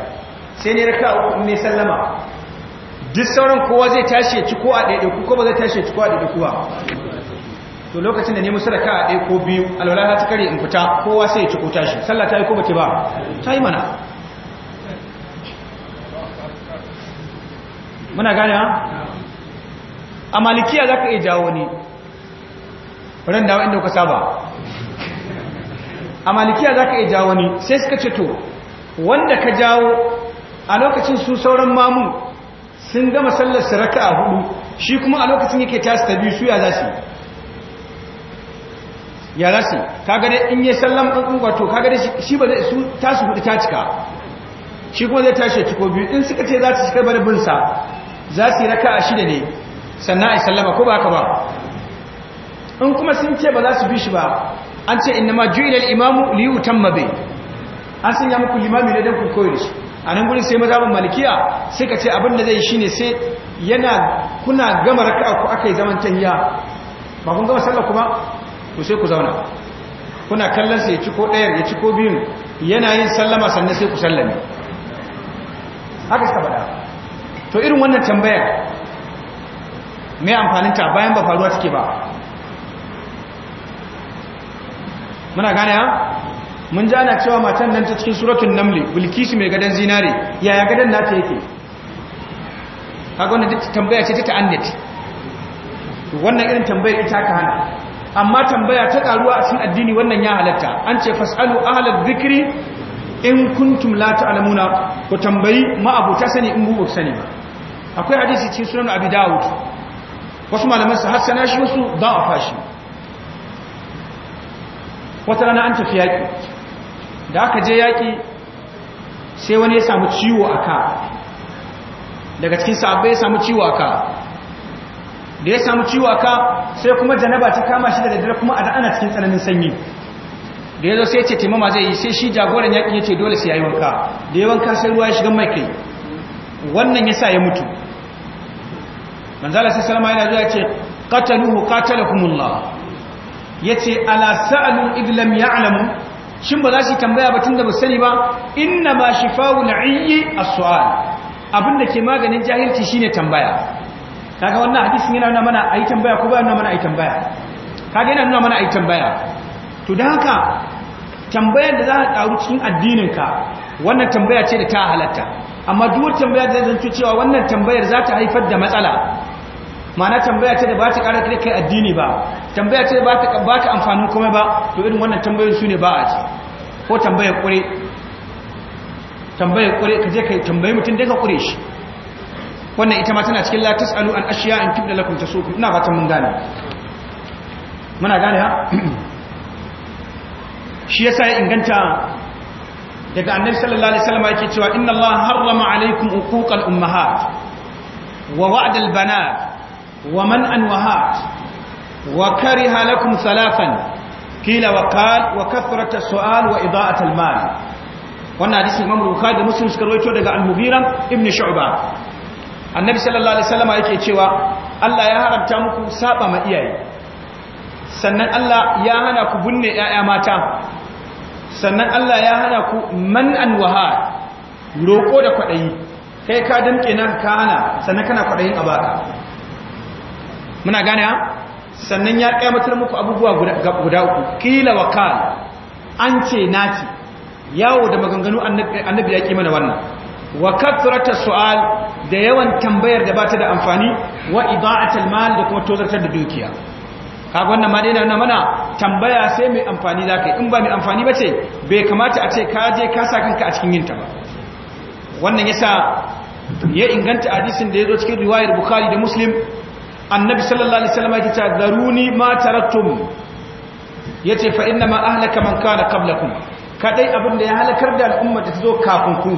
sai ne raka uku ne sallama duk sauran kowa zai tashi ya ci ko a ɗaiɗe ko ba zai tashi ya ci ko a ɗaiɗe kuwa? to lokacin da ne musu raka a ɗaya ko biyu alwala ta kare in fita kowa sai ya ci ko tashi sallah ta yi ko ba ta yi mana muna gane ha a malikiya za ka iya jawo ne ran dawa inda kuka saba a malikiya za ka iya jawo ne sai suka ce to wanda ka jawo a lokacin su sauran mamu sun gama sallar siraka a hudu shi kuma a lokacin yake tasi ta biyu su ya za su ya za su Ka gada in yi sallan ɓanɓun ka gada shi ba zai su tasi hudu ta cika shi kuma zai tashi ya ciko biyu in suka ce za su shi bar binsa za su yi raka a shida ne sannan a yi sallama ko ba ka ba in kuma sun ce ba za su bi shi ba an ce inna ma juyi lal imamu liyu tammabe an sanya muku limami ne dan ku koyi shi a nan gudun sai mazabin malikiya sai ka ce abin da zai shi ne sai yana kuna gama raka ku aka yi zaman tahiya ba kun gama sallar kuma ku sai ku zauna kuna kallon sai ya ci ko ɗayar ya ci ko biyun yana yin sallama sannan sai ku sallame haka suka faɗa to irin wannan tambayar mai amfaninta bayan ba faruwa take ba muna gane ya? mun ja ana cewa matan nan ta cikin suratun namli bilkisu mai gadon zinare yaya gadon nata yake kaga wannan duk tambaya ce ta ta'annati wannan irin tambayar ita ka hana amma tambaya ta karuwa a cikin addini wannan ya halatta an ce fasalu ahlal zikiri in kuntum la ta'lamuna ku tambayi ma sani in bu sani ba akwai hadisi cikin sunan abi dawud wasu malaman su har shi wasu da'afa fashi. wata rana an tafi yaƙi da aka je yaƙi sai wani ya samu ciwo aka daga cikin sahabbai ya samu ciwo a ka da ya samu ciwo a sai kuma janaba ta kama shi da daddare kuma a ana cikin tsananin sanyi da ya zo sai ce taimama zai yi sai shi jagoran yaƙi ya ce dole sai ya yi wanka da ya wanka sai ruwa ya shiga mai kai wannan ya sa ya mutu manzala sai salama yana zuwa ce qataluhu qatalakumullah yace ala sa'alu id lam alamu. shin ba za shi tambaya ba tunda ba sani ba inna ma shifa'ul 'ayyi as-su'al abinda ke maganin jahilci shine tambaya kaga wannan hadisin yana nuna mana ayi tambaya ko ba nuna mana ayi tambaya kaga yana nuna mana ayi tambaya to dan haka tambayar da za ka karu cikin addininka wannan tambaya ce da ta halatta amma duwar tambaya da zanto cewa wannan tambayar za ta haifar da matsala mana tambaya ce da ba ta ƙara kai addini ba tambaya ce da ba ta amfanin kuma ba to irin wannan tambayoyin su ne ba a ci ko tambayar ƙure tambayar ƙure ka je ka tambayi mutum ka ƙure shi wannan ita ma tana cikin la tasalu an ashiya in tibda lakum tasukum ina fatan mun gane muna gane ha [clears throat] shi yasa ya inganta daga annabi sallallahu alaihi wasallam yake cewa inna allaha harrama alaikum uquqal ummahat wa wa'd al banat wa man anwahat wa kariha lakum salafan kila wa qal wa kathrata su'al wa ida'at al mal wannan hadisi imam bukhari da muslim suka rawaito daga al-mughira ibn shu'ba annabi sallallahu alaihi wasallam yake cewa Allah ya haramta muku saba ma iyaye sannan Allah ya hana ku binne ƴaƴa mata sannan Allah ya hana ku man'an waha, roƙo da kwaɗayi kai ka damƙe na ka hana sannan kana kwaɗayin a baka muna gane sannan ya ƙyamatar muku abubuwa guda uku kila wakal an ce naci yawo da maganganu annabi ya ƙi mana wannan wa kathrata su'al da yawan tambayar da ba ta da amfani wa ida'atul mal da kuma tozartar da dukiya kaga wannan ma dai na mana tambaya sai mai amfani za ka yi in ba mai amfani ba ce bai kamata a ce ka je ka sa kanka a cikin yinta ba wannan yasa ya inganta hadisin da ya zo cikin riwayar bukhari da muslim annabi sallallahu alaihi wasallam yake cewa daruni ma taraktum yace fa inna ma ahlaka man kana qablakum kadai abin da ya halakar da al'umma ta zo kafin ku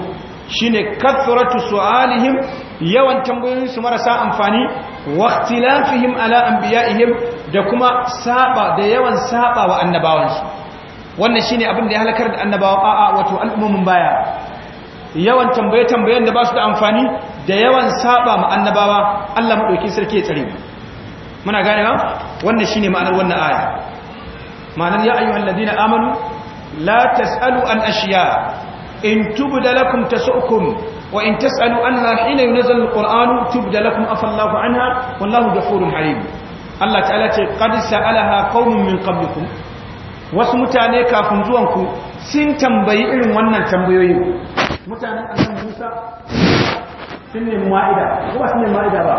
shine kathratu su'alihim yawan tambayoyin su marasa amfani wa ikhtilafihim ala anbiya'ihim da kuma saba da yawan saba wa annabawansu wannan shine abin da ya halakar da annabawa a'a wato al'ummomin baya yawan tambaye tambayen da ba su da amfani da yawan saba ma annabawa Allah madauki sarki ya tsare muna gane ba wannan shine ma'anar wannan aya ma'anar ya ayyuhal amanu la tasalu an ashiya in tubda lakum tasukum wa in tasalu anha hina yunzal alquran tubda lakum afallahu anha wallahu ghafurun halim Allah ta'ala ce qad sa'alaha qaumun min qablikum wasu mutane kafin zuwan ku sun tambayi irin wannan tambayoyin mutanen annabi Musa sun nemi ma'ida kuma sun nemi ma'ida ba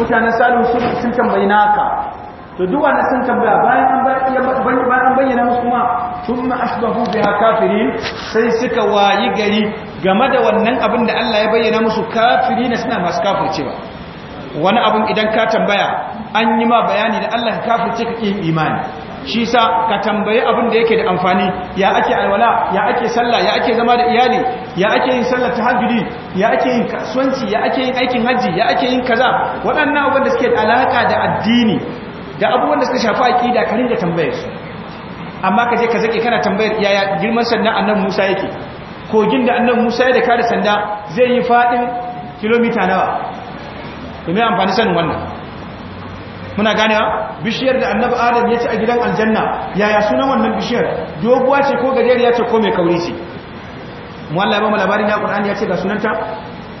mutanen Salihu sun tambayi naka to duk wanda sun tambaya bayan an bayyana musu kuma sun asbahu biha kafirin sai suka wayi gari game da wannan abin da Allah ya bayyana musu kafiri na suna masu kafircewa wani abun idan ka tambaya an yi ma bayani da Allah ce ka kin imani shi sa ka tambaye abin da yake da amfani ya ake alwala ya ake sallah ya ake zama da iyali ya ake yin sallar tahajjudi ya ake yin kasuwanci ya ake yin aikin hajji ya ake yin kaza waɗannan abubuwan da suke da alaka da addini da abubuwan da suka shafi aqida ka ringa tambaye su amma ka je ka zake kana tambayar yaya girman sandan annan Musa yake kogin da annabi Musa ya da kare sanda zai yi fadin kilomita nawa to amfani sanin wannan muna ganewa bishiyar da annabi adam ya ci a gidan aljanna yaya sunan wannan bishiyar doguwa ce ko gajeriya ce ko mai kauri ce mu Allah ya ba mu labarin ya Qur'ani ya ce ga sunanta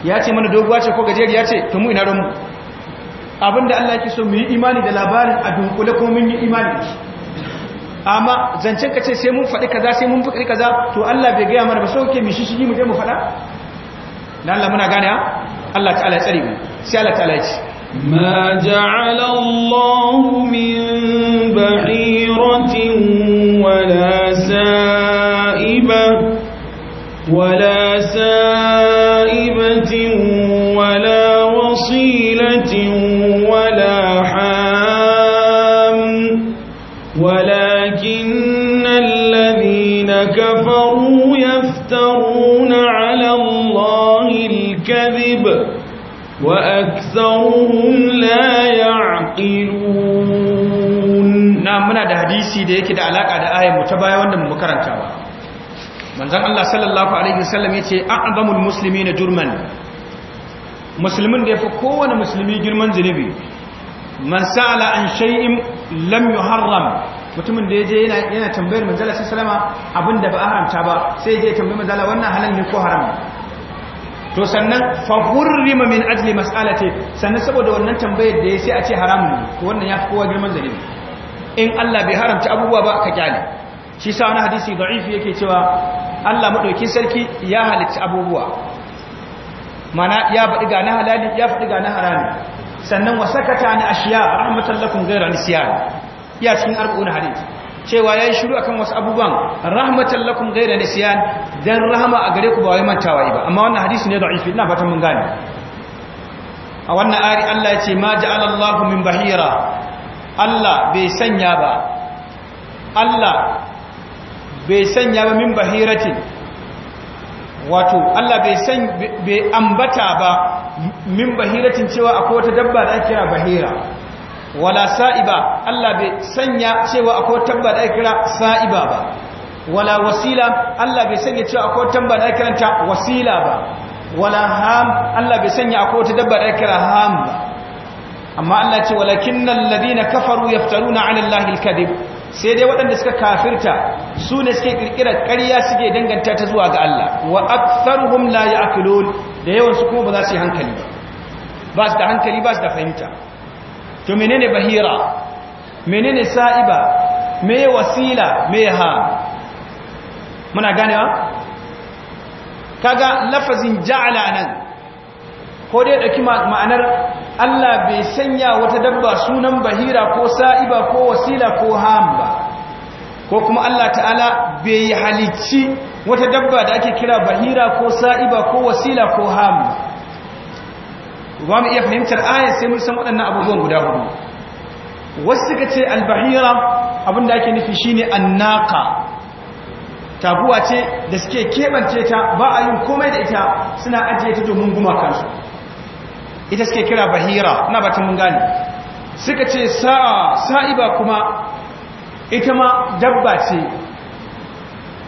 ya ce mana doguwa ce ko gajeriya ce to mu ina ran mu abinda Allah yake so mu yi imani da labarin a dunkule ko mun yi imani da amma zancen ka ce sai mun faɗi kaza sai mun faɗi kaza to Allah bai gaya mana ba sauke mu shishigi mu je mu faɗa dan Allah muna gane Allah ta'ala ya tsare mu sai Allah ta'ala ce ma ja'ala Allahu hadisi da yake da alaka da ayar mu ta baya wanda mu karanta ba manzon Allah sallallahu alaihi wasallam yace a'zamul muslimina jurman musulmin da yafi kowane musulmi girman zunubi man sa'ala an shay'in lam yuharram mutumin da yaje yana yana tambayar manzala sallama abinda ba a haramta ba sai yaje tambayi manzala wannan halal ne ko haram to sannan fa hurrima min ajli mas'alati sannan saboda wannan tambayar da yace a ce haramun to wannan ya fi kowa girman zinubi in Allah bai haramta abubuwa ba ka kyale shi sa wani hadisi da'ifi yake cewa Allah madaukin sarki ya halitta abubuwa mana ya faɗi ga na halali ya faɗi ga na harami sannan wa sakata ni ashiya rahmatan lakum ghayra nisyan ya cikin arba'un hadith cewa yayi shiru akan wasu abubuwan rahmatan lakum ghayra nisyan dan rahama a gare ku ba wai mantawa ba amma wannan hadisi ne da'ifi ina fatan mun gane a wannan ari Allah ya ce ma ja'alallahu min bahira Allah bai sanya ba Allah bai sanya ba min bahiratin wato Allah bai san bai ambata ba min bahiratin cewa akwai wata dabba da ake kira bahira wala sa'iba Allah bai sanya cewa akwai wata dabba da ake kira sa'iba ba wala wasila Allah bai sanya cewa akwai wata dabba da ake kiranta wasila ba wala ham Allah bai sanya akwai wata dabba da ake kira ham ba amma Allah ce na ladina kafaru yaftaruna 'ala Allahi al sai dai waɗanda suka kafirta su ne suke kirkira ƙarya suke danganta ta zuwa ga Allah wa aktharuhum la ya'qilun da yawan su kuma ba za su yi hankali ba su da hankali ba su da fahimta to menene bahira menene sa'iba me wasila me ha muna ganewa kaga lafazin ja'ala nan ko dai dauki ma'anar Allah bai sanya wata dabba sunan bahira ko sa'iba ko wasila ko ham ko kuma Allah ta'ala bai yi halicci wata dabba da ake kira bahira ko sa'iba ko wasila ko ham ba mu iya fahimtar ayat sai mun san waɗannan abubuwan guda hudu wasu suka ce albahira da ake nufi shine annaka Takuwa ce da suke keɓance ta ba a yin komai da ita suna ajiye ta domin gumakansu ita suke kira bahira na batun mun gane suka ce sa'a sa'iba kuma ita ma dabba ce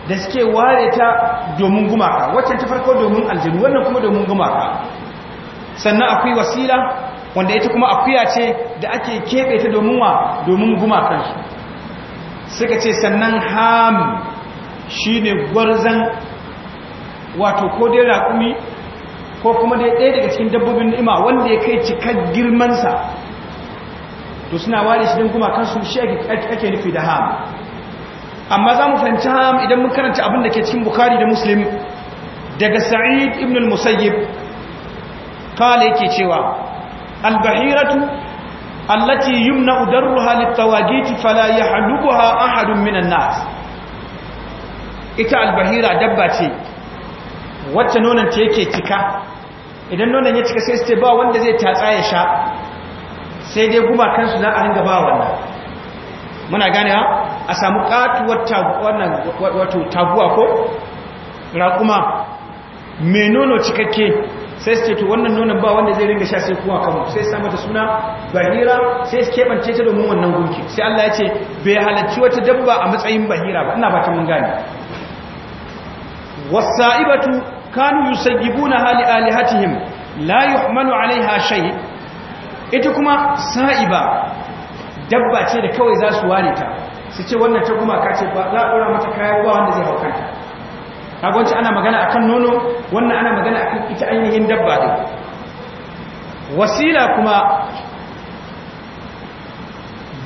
da suke ware ta domin gumaka wacce ta farko domin aljanu wannan kuma domin gumaka sannan akwai wasila wanda ita kuma akuya ce da ake keɓe ta domin wa domin gumakansu suka ce sannan ham shi ne gwarzan wato ko dai raƙumi ko kuma dai ɗaya daga cikin dabbobin ni'ima wanda ya kai cikar girmansa to suna ware shi don kuma kansu shi ake nufi da ham amma za mu fahimci ham idan mun karanta abin da ke cikin bukari da muslim daga sa'id ibn al-musayyib kala yake cewa albahiratu allati yumna udarruha litawagiti fala yahluquha ahadun minan nas ita albahira dabba ce wacce nonon ta yake cika idan nonon ya cika sai su ce ba wanda zai tatsa ya sha sai dai kansu za a ringa ba wannan muna gane a samu katuwar taguwa ko raƙuma mai nono cikakke sai su ce to wannan nonon ba wanda zai ringa sha sai kuma kama sai samu da suna bahira sai su keɓance ta domin wannan gunki sai allah ya ce bai halarci wata dabba a matsayin bahira ba ina ba ta mun gane wasa'ibatu kanu yusajjibuna hali alihatihim la yuhmalu alaiha shay ita kuma sa'iba dabba ce da kawai za su ware ta su ce wannan ta gumaka ce ba za a ɗora mata kayan ba wanda zai haukanta agwanci ana magana kan nono wannan ana magana kan ita ainihin dabba ɗin wasila kuma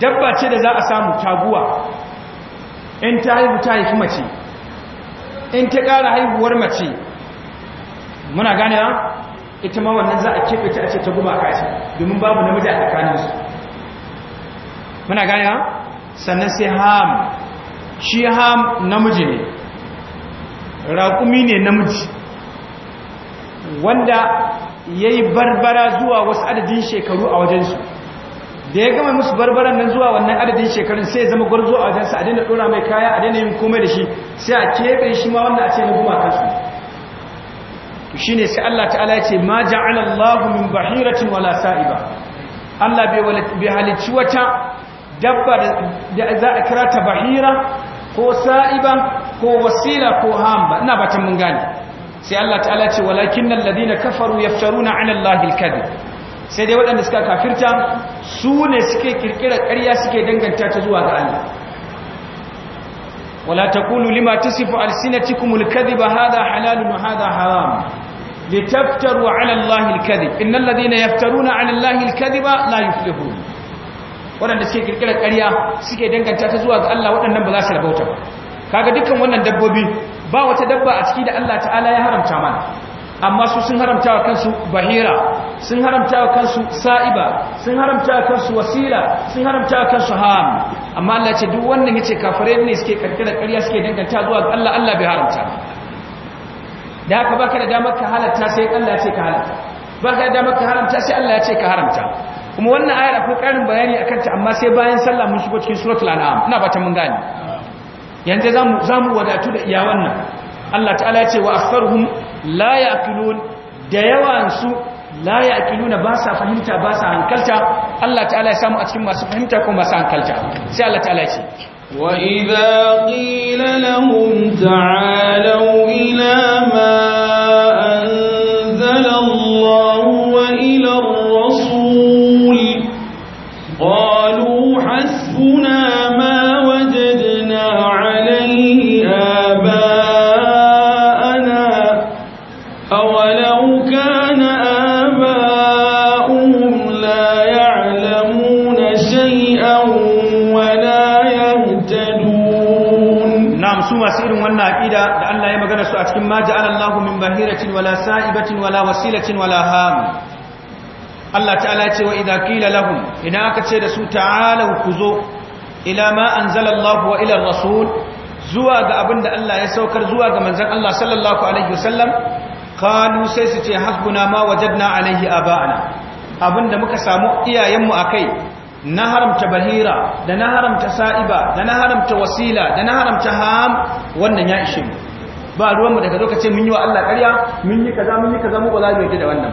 dabba ce da za a samu taguwa in ta haihu ta haifi mace in ta ƙara haihuwar mace muna gane ba ita ma wannan za a keɓe ta a ce ta a kashi domin babu namiji a tsakaninsu muna gane ba sannan sai ham shi ham namiji ne raƙumi ne namiji wanda ya yi barbara zuwa wasu adadin shekaru a wajensu da ya gama musu barbaran nan zuwa wannan adadin shekarun sai ya zama gwarzo a wajensa a daina dora mai kaya a daina yin komai da shi sai a keɓe shi ma wannan a ce na gumaka su shi ne sai Allah ta'ala ya ce ma ja'ala Allahu min bahiratin wala sa'iba Allah bai halicci wata dabba da za a kira ta bahira ko sa'iba ko wasila ko hamba ina batan mun gane sai Allah ta'ala ce walakin alladhina kafaru yaftaruna 'ala Allahi al-kadhib sai dai waɗanda suka kafirta su ne suke kirkira ƙarya suke danganta ta zuwa ga Allah wala taqulu lima tasifu alsinatukum alkadhiba hadha halalun wa hadha haram litaftaru ala allahi alkadhib innal ladhina yaftaruna ala allahi alkadhiba la yuflihun waɗanda suke kirkira ƙarya suke danganta ta zuwa ga Allah waɗannan ba za su rabauta ba kaga dukkan wannan dabbobi ba wata dabba a ciki da Allah ta'ala ya haramta mana amma su sun haramta wa kansu bahira sun haramta wa kansu sa'iba sun haramta wa kansu wasila sun haramta wa kansu ham amma Allah ya ce duk wannan yace kafirai ne suke karkira ƙarya suke danganta zuwa ga Allah Allah bai haramta da haka baka da damar ka halatta sai Allah ya ce ka halatta baka da damar ka haramta sai Allah ya ce ka haramta kuma wannan ayar akwai ƙarin bayani akan ta amma sai bayan sallah mun shigo cikin suratul an'am ina fata mun gane yanzu zamu zamu wadatu da iya wannan Allah ta'ala ya ce wa aktharuhum la yaqilun da yawansu su la yaqiluna ba sa fahimta ba sa hankalta Allah ta'ala ya samu a cikin masu fahimta ko masu hankalta sai Allah ta'ala ya ce wa idza qila lahum ta'alu ila ma su a cikin ma ja'ala Allahu min bahiratin wala sa'ibatin wala wasilatin wala ham Allah ta'ala ce wa idza qila lahum idan aka ce da su ta'alu kuzo ila ma anzala Allahu wa ila rasul zuwa ga abinda Allah ya saukar zuwa ga manzon Allah sallallahu alaihi wasallam qalu sai su ce hasbuna ma wajadna alaihi aba'ana abinda muka samu iyayenmu akai na haramta bahira da na haramta sa'iba da na haramta wasila da na haramta ham wannan ya ishe mu ba ruwanmu daga zo ka ce mun yi wa Allah ƙarya mun yi kaza mun yi kaza mu ba za mu yi da wannan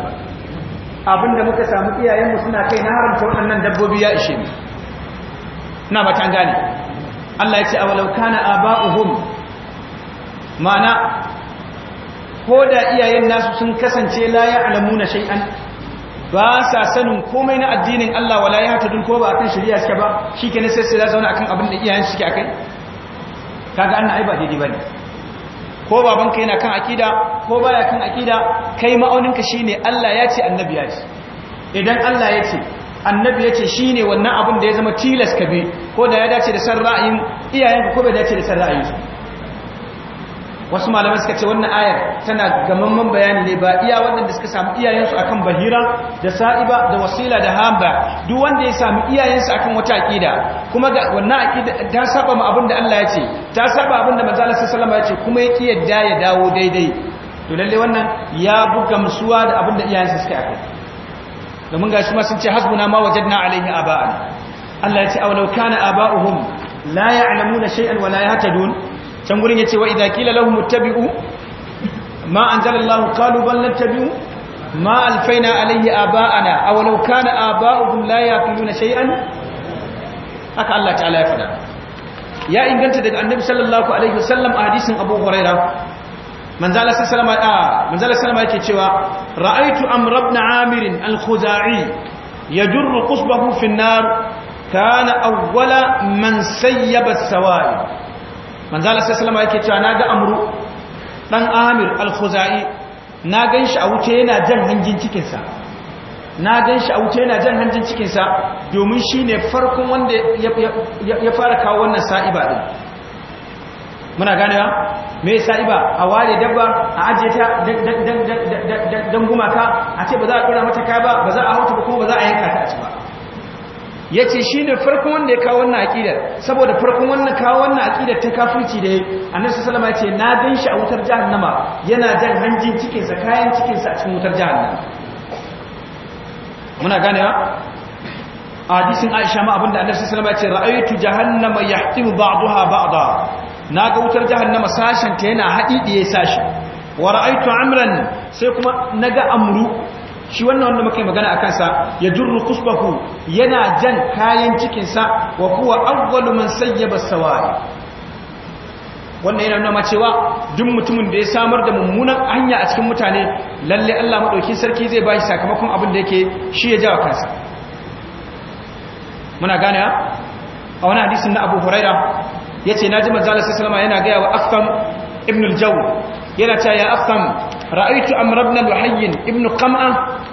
ba da muka samu iyayenmu suna kai na haramta waɗannan dabbobi ya ishe mu na ba ta gane Allah ya ce a walau kana aba'uhum mana ko da iyayen nasu sun kasance la na shay'an ba sa sanin komai na addinin Allah wala ya dun ko ba akan shari'a suke ba shikenan sai su zauna akan abin da iyayen suke akai kaga annan ba daidai bane ko babanka yana kan akida ko baya kan akida kai ma'auninka shine Allah ya ce annabi ya ce idan Allah ya ce annabi ya ce shine wannan abin da ya zama tilas kabe ko da ya dace da san ra'ayin iyayenka ko bai dace da san ra'ayin su. wasu malamai suka ce wannan ayar tana gamamman bayani ne ba iya waɗanda suka samu iyayensu akan bahira da sa'iba da wasila da hamba duk wanda ya samu iyayensu akan wata aqida kuma ga wannan aqida ta saba mu abinda Allah ya ce ta saba abinda manzo Allah sallallahu alaihi wasallam ya ce kuma ya ki yadda ya dawo daidai to lalle wannan ya buga musuwa da abinda iyayensu suka yi domin gashi ma sun ce hasbuna ma wajadna alaihi aba'ana Allah ya ce aw law kana aba'uhum la ya'lamuna shay'an wa la yahtadun can gurin ya ce wa idha qila lahum ittabi'u ma anzalallahu qalu bal nattabi'u ma alfaina alayhi aba'ana aw law kana aba'uhum la yaqiluna shay'an haka Allah ta'ala ya faɗa ya inganta daga annabi sallallahu alaihi wasallam a hadisin Abu Hurairah manzala sallama a manzala sallama yake cewa ra'aitu amr ibn amir al-khuzai yajurru qusbahu fi an-nar kana awwala man sayyaba as-sawa'i manzala sai salama yake cewa na ga amru ɗan amir al-khuzai na gan a wuce yana jan hangin cikinsa na gan a wuce yana jan hangin cikinsa domin shi ne farkon wanda ya fara kawo wannan sa'iba ɗin muna ganewa mai sa'iba a ware dabba a ajiye ta dan gumaka a ce ba za a ɗora mata kaya ba ba za a hauta ba kuma ba za a yanka ta a ci ba ya ce shi ne farkon wanda ya kawo wannan aƙidar saboda farkon wannan kawo wannan aƙidar ta kafirci da ya annarsa sallama ya ce na gan shi a wutar jahannama yana jan hanjin cikinsa kayan cikinsa a cikin wutar jahannama muna gane a hadisin aisha ma abinda annabi sallama ya ce ra'aytu jahannama ba'adu ha ba'da na ga wutar jahannama sashen ta yana haɗi da ya sashi wa ra'aytu amran sai kuma ga amru shi wannan wanda muka yi magana a kansa ya jurru kusbahu yana jan kayan cikinsa wa kuwa awwalu man sayyaba sawari wannan yana nuna cewa duk mutumin da ya samar da mummunan hanya a cikin mutane lalle Allah madaukin sarki zai bashi sakamakon abin da yake shi ya jawa kansa muna gane a wani hadisin na Abu Huraira yace naji manzo Allah sallallahu alaihi yana ga wa Afkam ibn al-Jawl yana cewa ya Afkam ra'aitu amr ibn al-hayy ibn qam'a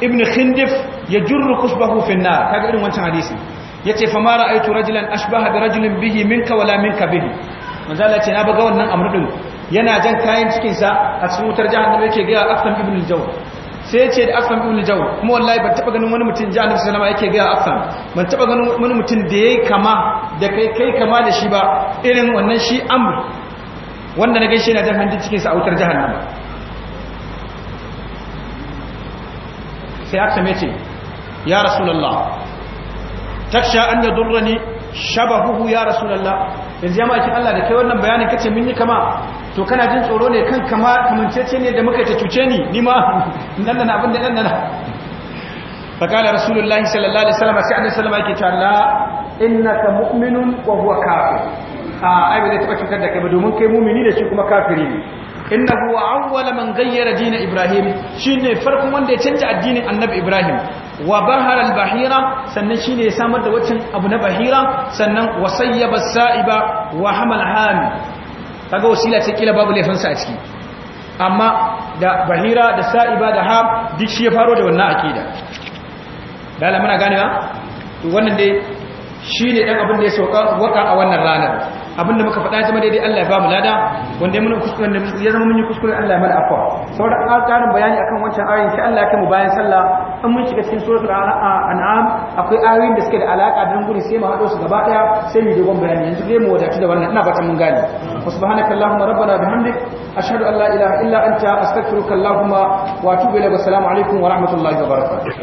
ibn khindif yajurru kusbahu fi an-nar kaga irin wancan hadisi yace fa ma ra'aitu rajulan ashbaha bi rajulin bihi minka wala minka bihi manzo Allah ce na baga wannan amr din yana jan kayan cikin sa a cikin wutar jahannama yake ga afsan ibn al-jaw sai ce da afsan ibn jaw kuma wallahi ban taba ganin wani mutum ji annabi sallama yake ga afsan ban taba ganin wani mutum da yayi kama da kai kai kama da shi ba irin wannan shi amr wanda na gaishe na jan handin cikin sa a wutar jahannama sai aksam ya ya rasulallah taksha an ya durrani shabahuhu ya rasulallah yanzu ya ma'aikin Allah da kai wannan bayanin kace mun yi kama to kana jin tsoro ne kan kama kamancece ne da muka ta cuce ni ni ma [laughs] nan nan abin da nan nan فقال رسول الله صلى الله عليه وسلم سعد السلام innaka mu'minun wa a ah, ai bai taba cutar da kai ba domin kai mu'mini da shi kuma kafiri Inna huwa awwala man ghayyara din ibrahim shine farkon wanda ya canja addinin annabi ibrahim wa bahara al-bahira sannan shine ya samar da wacin abu na bahira sannan wasayyaba sa'iba wa hamal han kaga wasila ce kila babu laifinsa a ciki amma da bahira da sa'iba da ham duk shi ya faro da wannan akida dala muna ganewa to wannan dai shine dan abin da ya sauka waka a wannan ranar abinda muka faɗa zama daidai Allah ya ba mu lada wanda mun kuskure ya zama mun yi kuskure Allah ya mana afwa sauran ƙarin bayani akan wancan ayin sai Allah ya kai mu bayan sallah in mun shiga cikin suratul an'am akwai ayoyin da suke da alaka da guri sai mu hado su gaba daya sai mu dogon bayani yanzu dai mu wadatu da wannan ina fata mun gane subhanaka allahumma rabbana bihamdik ashhadu an la ilaha illa anta astaghfiruka allahumma wa atubu ilayka assalamu alaikum wa rahmatullahi wa barakatuh